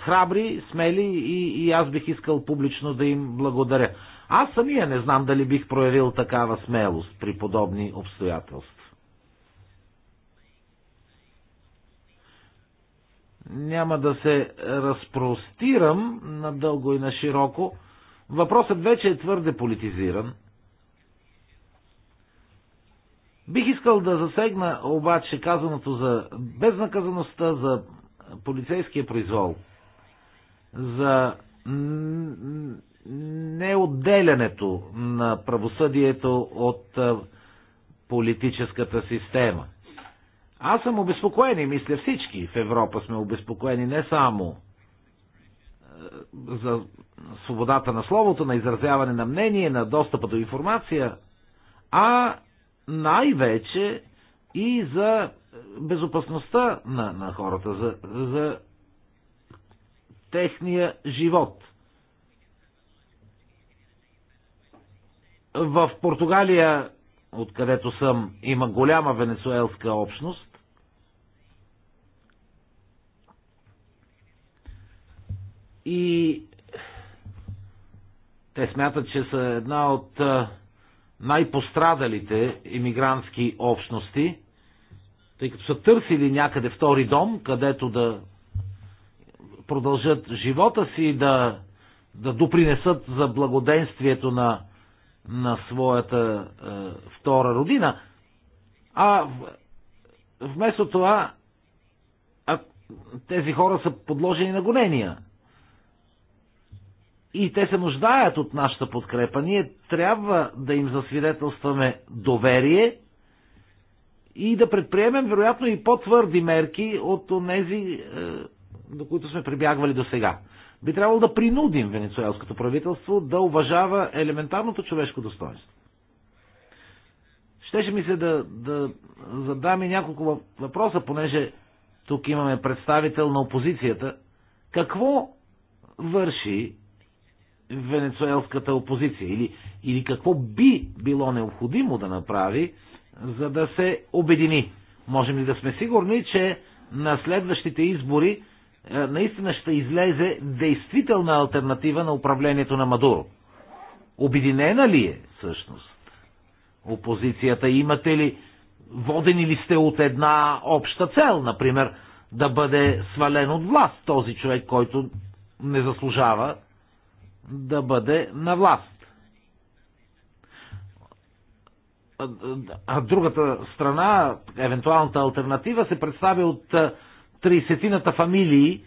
храбри, смели и, и аз бих искал публично да им благодаря. Аз самия не знам дали бих проявил такава смелост при подобни обстоятелства. Няма да се разпростирам надълго и на широко. Въпросът вече е твърде политизиран. Бих искал да засегна обаче казаното за безнаказаността, за полицейския произвол, за неотделянето на правосъдието от политическата система – аз съм обезпокоен и мисля всички в Европа сме обезпокоени не само е, за свободата на словото, на изразяване на мнение, на достъпа до информация, а най-вече и за безопасността на, на хората, за, за техния живот. В Португалия, откъдето съм, има голяма венецуелска общност И те смятат, че са една от най-пострадалите иммигрантски общности, тъй като са търсили някъде втори дом, където да продължат живота си, да, да допринесат за благоденствието на, на своята е, втора родина. А вместо това а, тези хора са подложени на гонения и те се нуждаят от нашата подкрепа. Ние трябва да им засвидетелстваме доверие и да предприемем, вероятно, и по-твърди мерки от тези, е, до които сме прибягвали до сега. Би трябвало да принудим венецуелското правителство да уважава елементарното човешко достоинство. Щеше ми се да, да задам и няколко въпроса, понеже тук имаме представител на опозицията. Какво върши венецуелската опозиция? Или, или какво би било необходимо да направи, за да се обедини? Можем ли да сме сигурни, че на следващите избори е, наистина ще излезе действителна альтернатива на управлението на Мадуро? Обединена ли е всъщност опозицията? Имате ли, водени ли сте от една обща цел, например, да бъде свален от власт този човек, който не заслужава да бъде на власт. А другата страна, евентуалната альтернатива, се представя от тридесетината фамилии,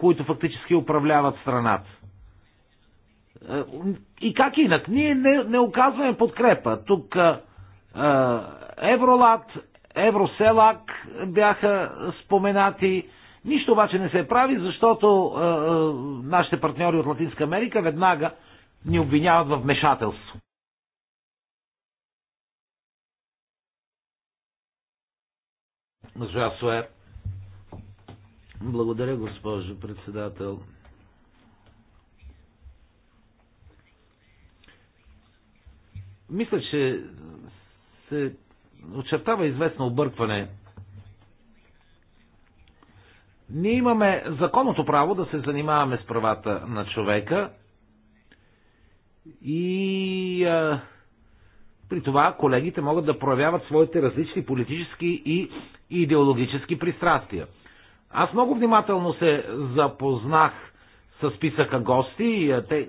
които фактически управляват страната. И как инак? Ние не, не оказваме подкрепа. Тук Евролат, Евроселак бяха споменати, Нищо обаче не се прави, защото е, е, нашите партньори от Латинска Америка веднага ни обвиняват в вмешателство. Госпожа Благодаря, госпожо председател. Мисля, че се очертава известно объркване ние имаме законното право да се занимаваме с правата на човека и а, при това колегите могат да проявяват своите различни политически и идеологически пристрастия. Аз много внимателно се запознах с списъка гости, и те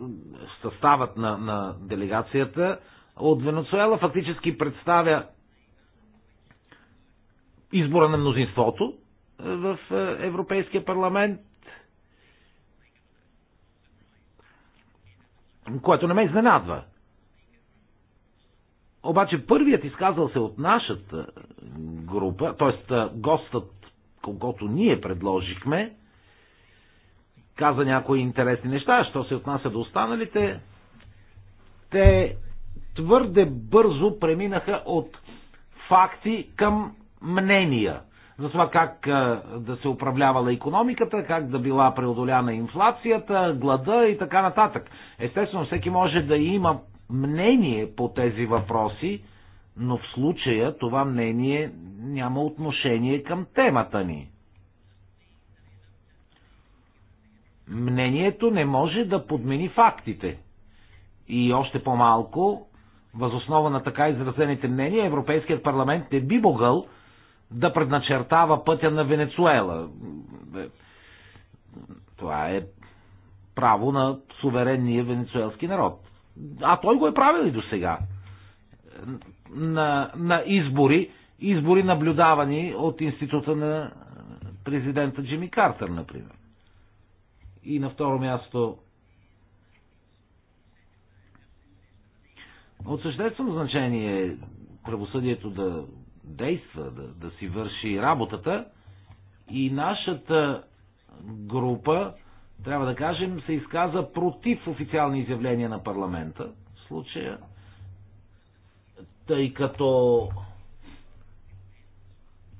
съставът на, на делегацията от Венецуела фактически представя избора на мнозинството, в е, Европейския парламент, което не ме изненадва. Обаче първият изказал се от нашата е, група, т.е. гостът, когато ние предложихме, каза някои интересни неща. Що се отнася до останалите, те твърде бързо преминаха от факти към мнения – за това как да се управлявала економиката, как да била преодоляна инфлацията, глада и така нататък. Естествено, всеки може да има мнение по тези въпроси, но в случая това мнение няма отношение към темата ни. Мнението не може да подмени фактите. И още по-малко, възоснова на така изразените мнения, Европейският парламент не би могъл да предначертава пътя на Венецуела. Това е право на суверенния венецуелски народ. А той го е правил и до сега. На, на избори, избори наблюдавани от института на президента Джимми Картер, например. И на второ място от съществено значение е правосъдието да действа, да, да си върши работата. И нашата група, трябва да кажем, се изказа против официални изявления на парламента в случая, тъй като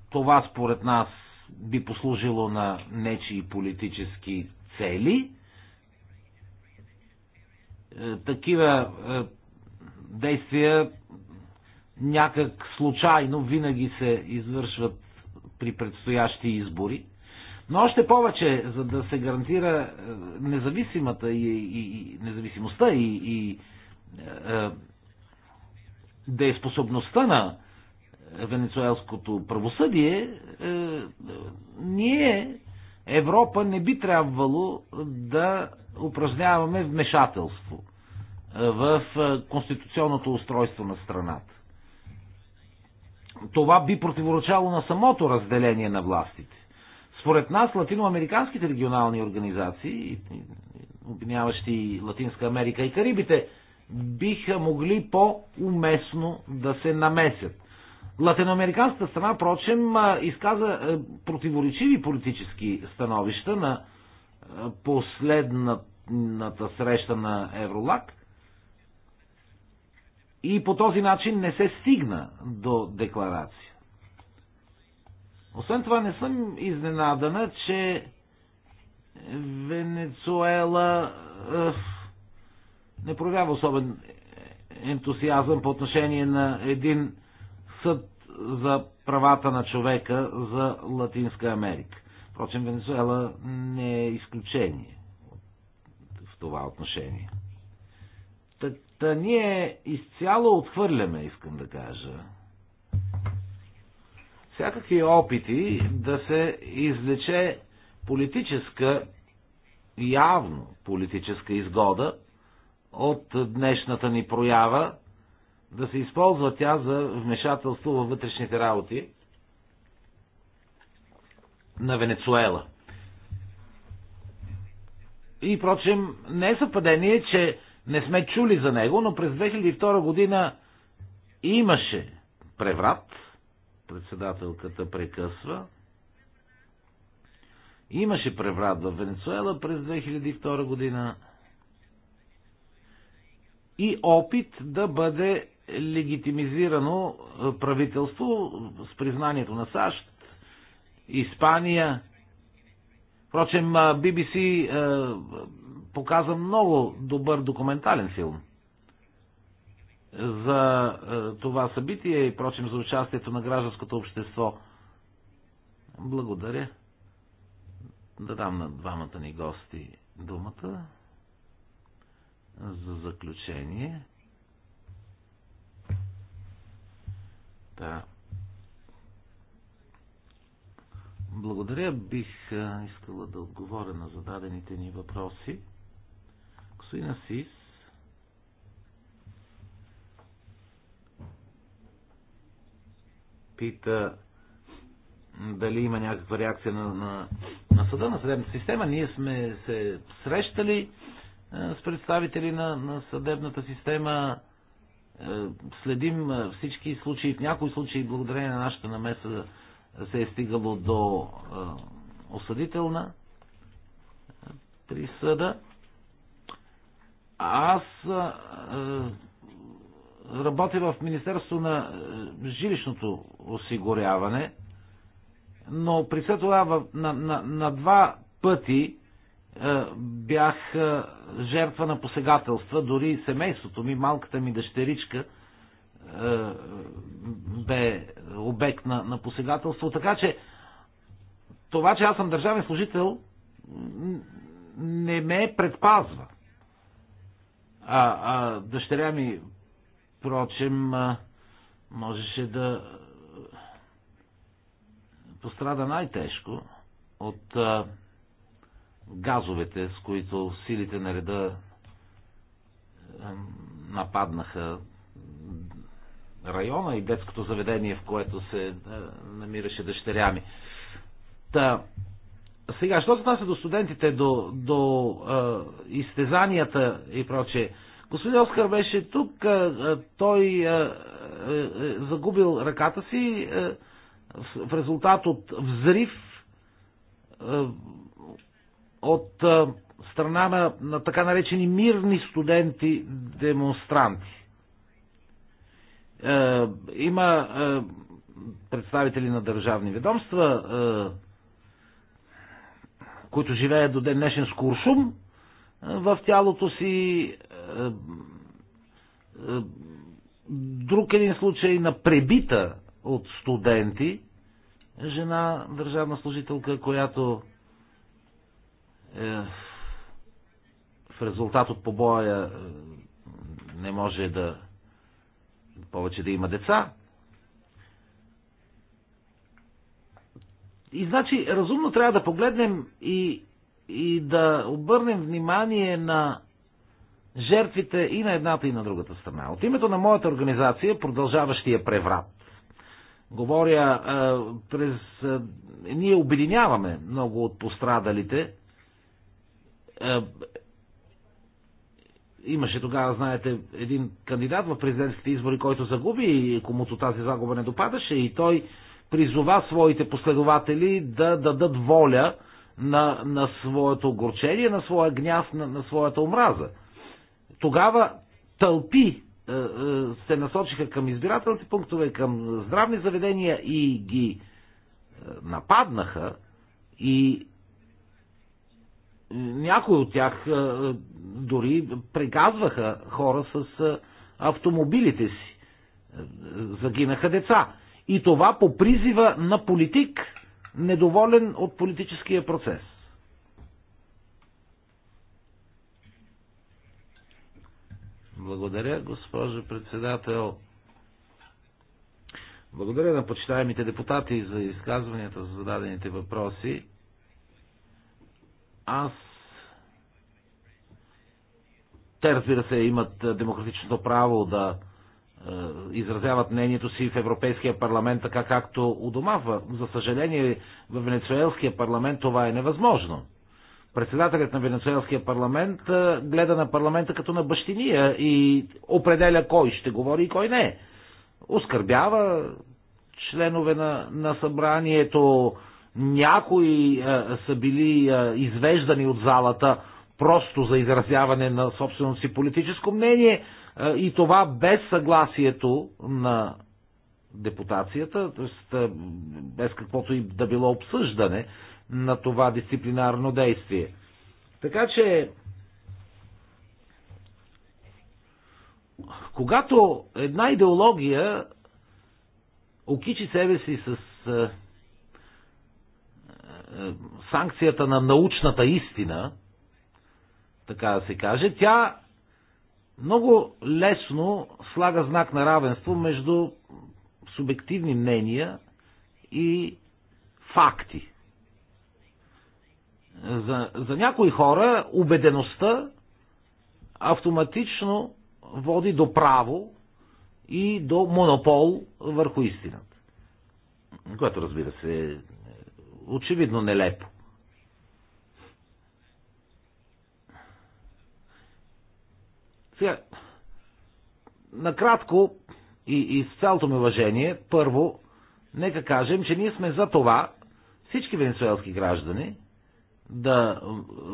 това според нас би послужило на нечи политически цели. Е, такива е, действия някак случайно винаги се извършват при предстоящи избори. Но още повече, за да се гарантира е, независимата и, и независимостта и, и е, е, дееспособността на венецуелското правосъдие, е, е, ние, Европа, не би трябвало да упражняваме вмешателство е, в конституционното устройство на страната това би противоречало на самото разделение на властите. Според нас латиноамериканските регионални организации, обвиняващи Латинска Америка и Карибите, биха могли по-уместно да се намесят. Латиноамериканската страна, прочем, изказа противоречиви политически становища на последната среща на Евролак – и по този начин не се стигна до декларация. Освен това не съм изненадана, че Венецуела е, не проявява особен ентусиазъм по отношение на един съд за правата на човека за Латинска Америка. Впрочем, Венецуела не е изключение в това отношение. Та ние изцяло отхвърляме, искам да кажа. Всякакви опити да се извлече политическа, явно политическа изгода от днешната ни проява, да се използва тя за вмешателство във вътрешните работи на Венецуела. И прочим, не е съпадение, че не сме чули за него, но през 2002 година имаше преврат. Председателката прекъсва. Имаше преврат в Венецуела през 2002 година и опит да бъде легитимизирано правителство с признанието на САЩ, Испания. Впрочем, BBC показа много добър документален филм за е, това събитие и прочим за участието на гражданското общество. Благодаря. Да дам на двамата ни гости думата за заключение. Да. Благодаря. Бих е, искала да отговоря на зададените ни въпроси. Господин Асис. Пита дали има някаква реакция на, на, на съда, на съдебната система. Ние сме се срещали е, с представители на, на съдебната система. Е, следим е, всички случаи. В някои случаи, благодарение на нашата намеса, се е стигало до е, осъдителна е, присъда. Аз работя в Министерство на жилищното осигуряване, но при все това на, на, на, на два пъти бях жертва на посегателства, дори семейството ми, малката ми дъщеричка бе обект на, на посегателство. Така че това, че аз съм държавен служител, не ме предпазва а, а дъщеря ми, впрочем, можеше да пострада най-тежко от а, газовете, с които силите на реда а, нападнаха района и детското заведение, в което се а, намираше дъщеря ми. Та, сега, що се отнася до студентите, до, до е, изтезанията и прочее, господин Оскар беше тук, е, той е е, загубил ръката си е, в, в резултат от взрив е, от е, страна на, на така наречени мирни студенти-демонстранти. Е, има е, представители на държавни ведомства, Е, които живеят до ден днешен с куршум в тялото си. Друг един случай на пребита от студенти, жена държавна служителка, която е, в резултат от побоя е, не може да повече да има деца. И значи разумно трябва да погледнем и, и да обърнем внимание на жертвите и на едната и на другата страна. От името на моята организация, продължаващия преврат, говоря, е, през, е, ние обединяваме много от пострадалите. Е, имаше тогава, знаете, един кандидат в президентските избори, който загуби и комуто тази загуба не допадаше и той призова своите последователи да дадат воля на, на своето огорчение, на своя гняв, на, на своята омраза. Тогава тълпи е, е, се насочиха към избирателните пунктове, към здравни заведения и ги е, нападнаха и някои от тях е, дори прегазваха хора с е, автомобилите си. Е, загинаха деца. И това по призива на политик, недоволен от политическия процес. Благодаря, госпожо председател. Благодаря на почитаемите депутати за изказванията, за зададените въпроси. Аз те, разбира се, имат демократичното право да е, изразяват мнението си в Европейския парламент, така както у дома. За съжаление, в Венецуелския парламент това е невъзможно. Председателят на Венецуелския парламент е, гледа на парламента като на бащиния и определя кой ще говори и кой не. Оскърбява членове на, на събранието, някои а, е, са били а, извеждани от залата просто за изразяване на собственото си политическо мнение – е, и това без съгласието на депутацията, т.е. без каквото и да било обсъждане на това дисциплинарно действие. Така че, когато една идеология окичи себе си с е, е, санкцията на научната истина, така да се каже, тя много лесно слага знак на равенство между субективни мнения и факти. За, за някои хора убедеността автоматично води до право и до монопол върху истината. Което, разбира се, е очевидно нелепо. Сега, накратко и, и с цялото ми уважение, първо, нека кажем, че ние сме за това всички венесуелски граждани да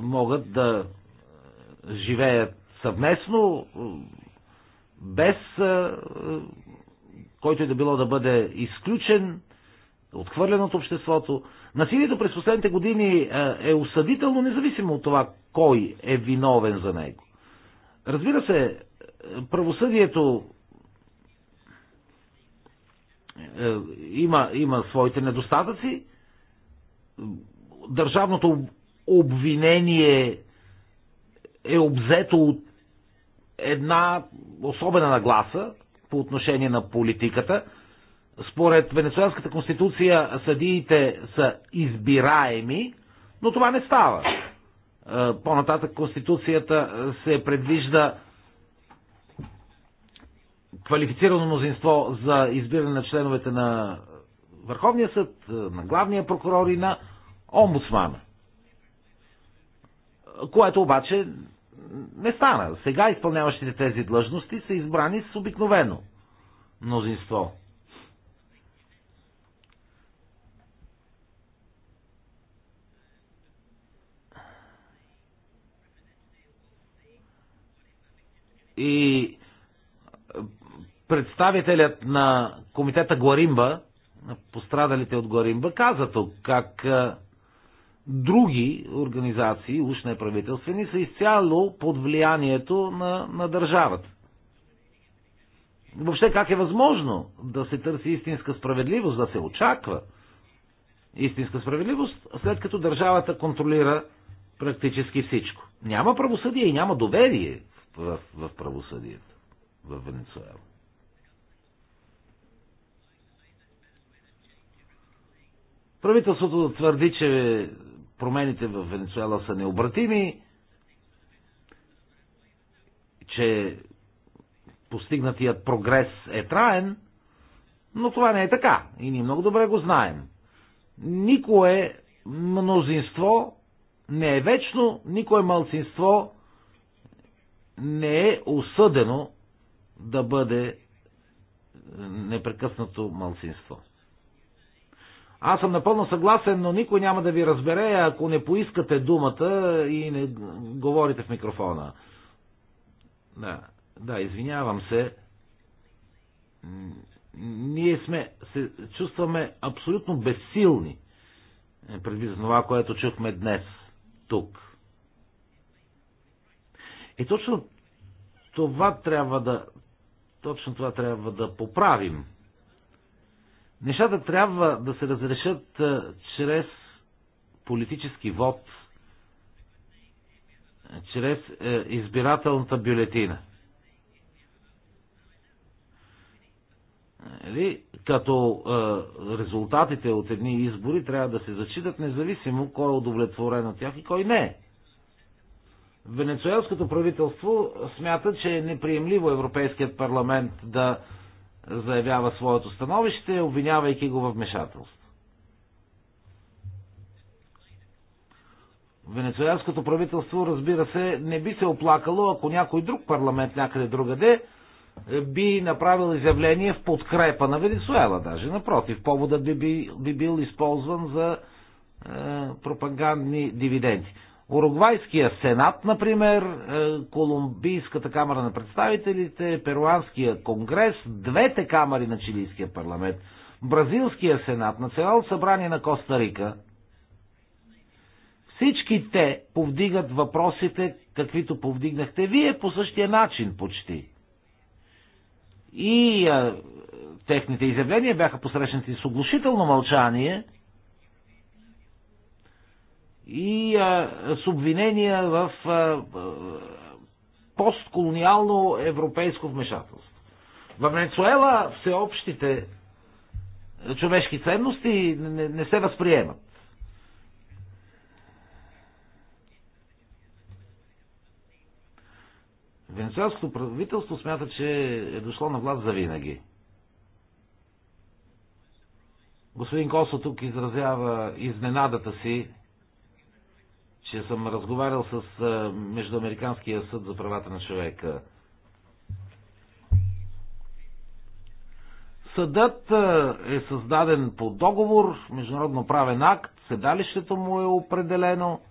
могат да живеят съвместно, без който и е да било да бъде изключен, отхвърлен от обществото. Насилието през последните години е осъдително, независимо от това кой е виновен за него. Разбира се, правосъдието е, има, има своите недостатъци. Държавното обвинение е обзето от една особена нагласа по отношение на политиката. Според Венецуелската конституция съдиите са избираеми, но това не става. Е, по-нататък Конституцията е, се предвижда квалифицирано мнозинство за избиране на членовете на Върховния съд, е, на главния прокурор и на омбудсмана. Което обаче не стана. Сега изпълняващите тези длъжности са избрани с обикновено мнозинство. и представителят на комитета Гуаримба, на пострадалите от Гуаримба, каза тук как други организации, уж неправителствени, са изцяло под влиянието на, на държавата. Въобще как е възможно да се търси истинска справедливост, да се очаква истинска справедливост, след като държавата контролира практически всичко. Няма правосъдие и няма доверие в, в правосъдието в Венецуела. Правителството твърди, че промените в Венецуела са необратими, че постигнатият прогрес е траен, но това не е така и ние много добре го знаем. Никое мнозинство не е вечно, никое малцинство не е осъдено да бъде непрекъснато малцинство. Аз съм напълно съгласен, но никой няма да ви разбере, ако не поискате думата и не говорите в микрофона. Да, да, извинявам се. Ние сме, се чувстваме абсолютно безсилни предвид това, което чухме днес тук. И е, точно това трябва да, точно това трябва да поправим. Нещата трябва да се разрешат е, чрез политически вод, чрез е, избирателната бюлетина. Или, нали? като е, резултатите от едни избори трябва да се зачитат, независимо кой е удовлетворен от тях и кой не е. Венецуелското правителство смята, че е неприемливо Европейският парламент да заявява своето становище, обвинявайки го в вмешателство. Венецуелското правителство, разбира се, не би се оплакало, ако някой друг парламент някъде другаде е, би направил изявление в подкрепа на Венецуела. Даже напротив, поводът би, би, би бил използван за е, пропагандни дивиденти. Уругвайския сенат, например, е, Колумбийската камера на представителите, Перуанския конгрес, двете камери на Чилийския парламент, Бразилския сенат, Национално събрание на Коста Рика, всички те повдигат въпросите, каквито повдигнахте вие, по същия начин почти. И а, е, техните изявления бяха посрещнати с оглушително мълчание – и а, с обвинения в а, постколониално европейско вмешателство. В Венецуела всеобщите човешки ценности не, не се възприемат. Венецуелското правителство смята, че е дошло на власт завинаги. Господин Косо тук изразява изненадата си че съм разговарял с Междуамериканския съд за правата на човека. Съдът е създаден по договор, международно правен акт, седалището му е определено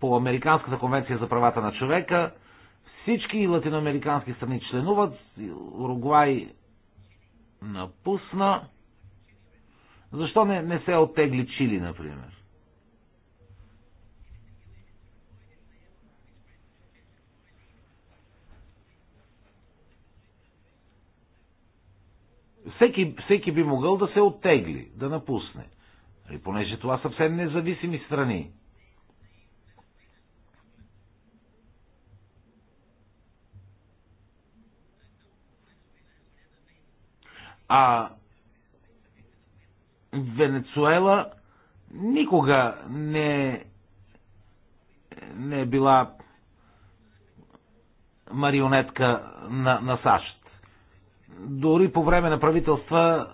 по Американската конвенция за правата на човека. Всички латиноамерикански страни членуват. Уругвай напусна. Защо не, не се оттегли Чили, например? всеки, всеки би могъл да се оттегли, да напусне. И нали, понеже това са съвсем независими страни. А Венецуела никога не, не е била марионетка на, на САЩ дори по време на правителства,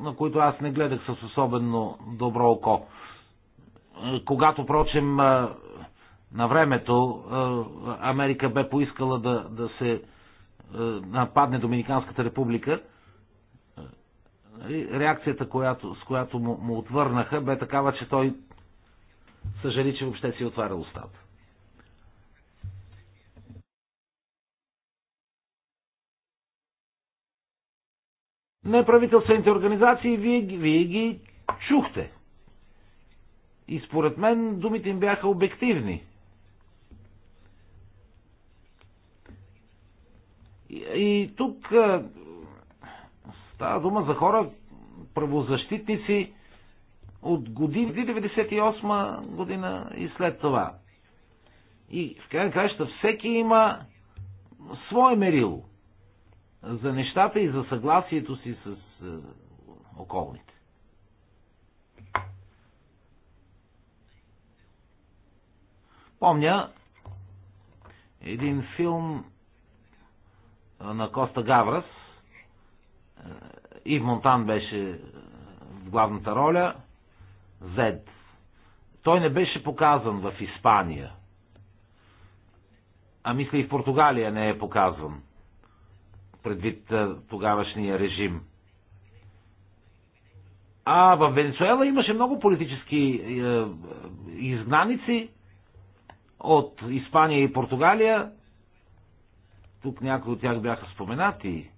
на които аз не гледах с особено добро око. Когато, прочим на времето Америка бе поискала да, да се е, нападне Доминиканската република, нали, реакцията, която, с която му, му отвърнаха, бе такава, че той съжали, че въобще си е отваря устата. неправителствените организации, вие, вие ги чухте. И според мен думите им бяха обективни. И, и тук а, става дума за хора, правозащитници от години, 98 година и след това. И в крайна краща всеки има свое мерило за нещата и за съгласието си с е, околните. Помня един филм е, на Коста Гаврас. Е, Ив Монтан беше в главната роля. Зед. Той не беше показан в Испания. А мисля и в Португалия не е показан предвид тогавашния режим. А в Венецуела имаше много политически е, е, изгнаници от Испания и Португалия. Тук някои от тях бяха споменати.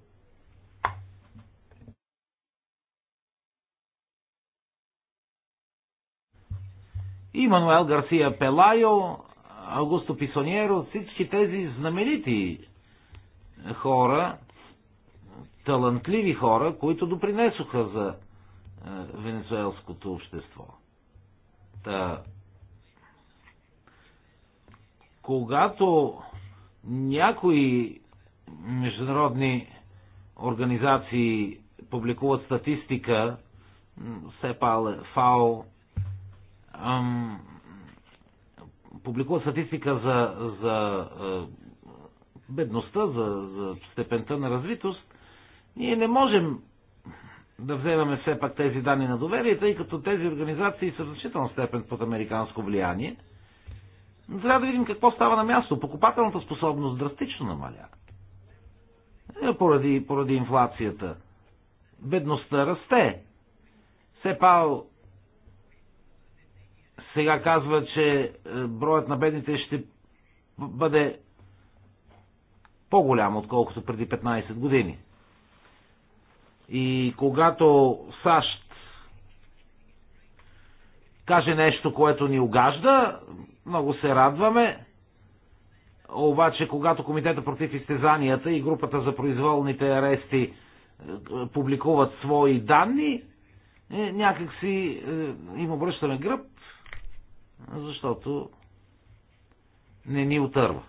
И Мануел Гарсия Пелайо, Аугусто Писоньеро, всички тези знаменити хора, талантливи хора, които допринесоха за е, венецуелското общество. Та, когато някои международни организации публикуват статистика, все СЕПАЛ, ФАО, ам, публикуват статистика за, за е, бедността, за, за степента на развитост, ние не можем да вземаме все пак тези данни на доверие, тъй като тези организации са в значителна степен под американско влияние. но Трябва да видим какво става на място. Покупателната способност драстично намаля. Е, поради, поради инфлацията. Бедността расте. Все пал сега казва, че е, броят на бедните ще бъде по-голям, отколкото преди 15 години. И когато САЩ каже нещо, което ни огажда, много се радваме. Обаче, когато Комитета против изтезанията и групата за произволните арести е, публикуват свои данни, е, някакси е, им обръщаме гръб, защото не ни отърва.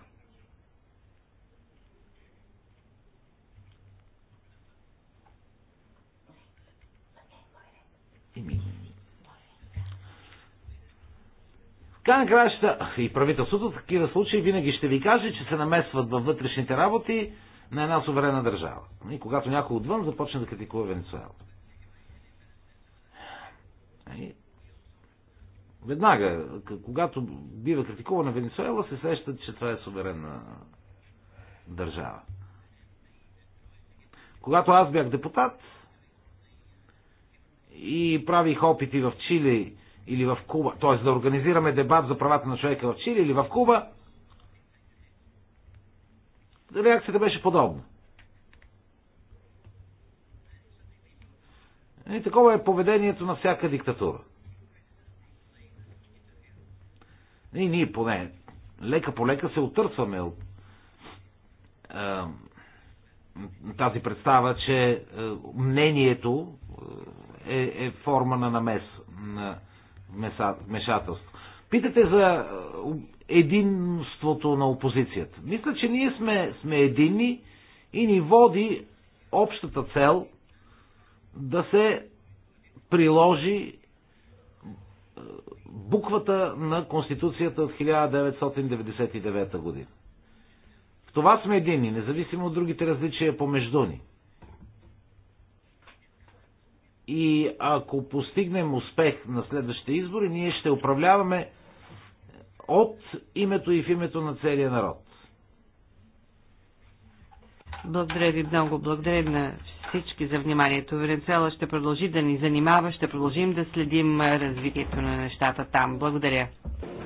Така на краща и правителството в такива случаи винаги ще ви каже, че се намесват във вътрешните работи на една суверена държава. И когато някой отвън започне да критикува Венецуела. И... Веднага, когато бива критикувана Венецуела, се среща, че това е суверенна държава. Когато аз бях депутат, и правих опити в Чили или в Куба, т.е. да организираме дебат за правата на човека в Чили или в Куба, реакцията беше подобна. И такова е поведението на всяка диктатура. И ние поне лека по лека се отърсваме от е, тази представа, че е, мнението е, е форма на намес, на вмешателство. Питате за е, единството на опозицията. Мисля, че ние сме, сме едини и ни води общата цел да се приложи е, буквата на Конституцията от 1999 година. В това сме едини, независимо от другите различия помежду ни. И ако постигнем успех на следващите избори, ние ще управляваме от името и в името на целия народ. Благодаря ви много. Благодаря на всички за вниманието. Венецела ще продължи да ни занимава, ще продължим да следим развитието на нещата там. Благодаря.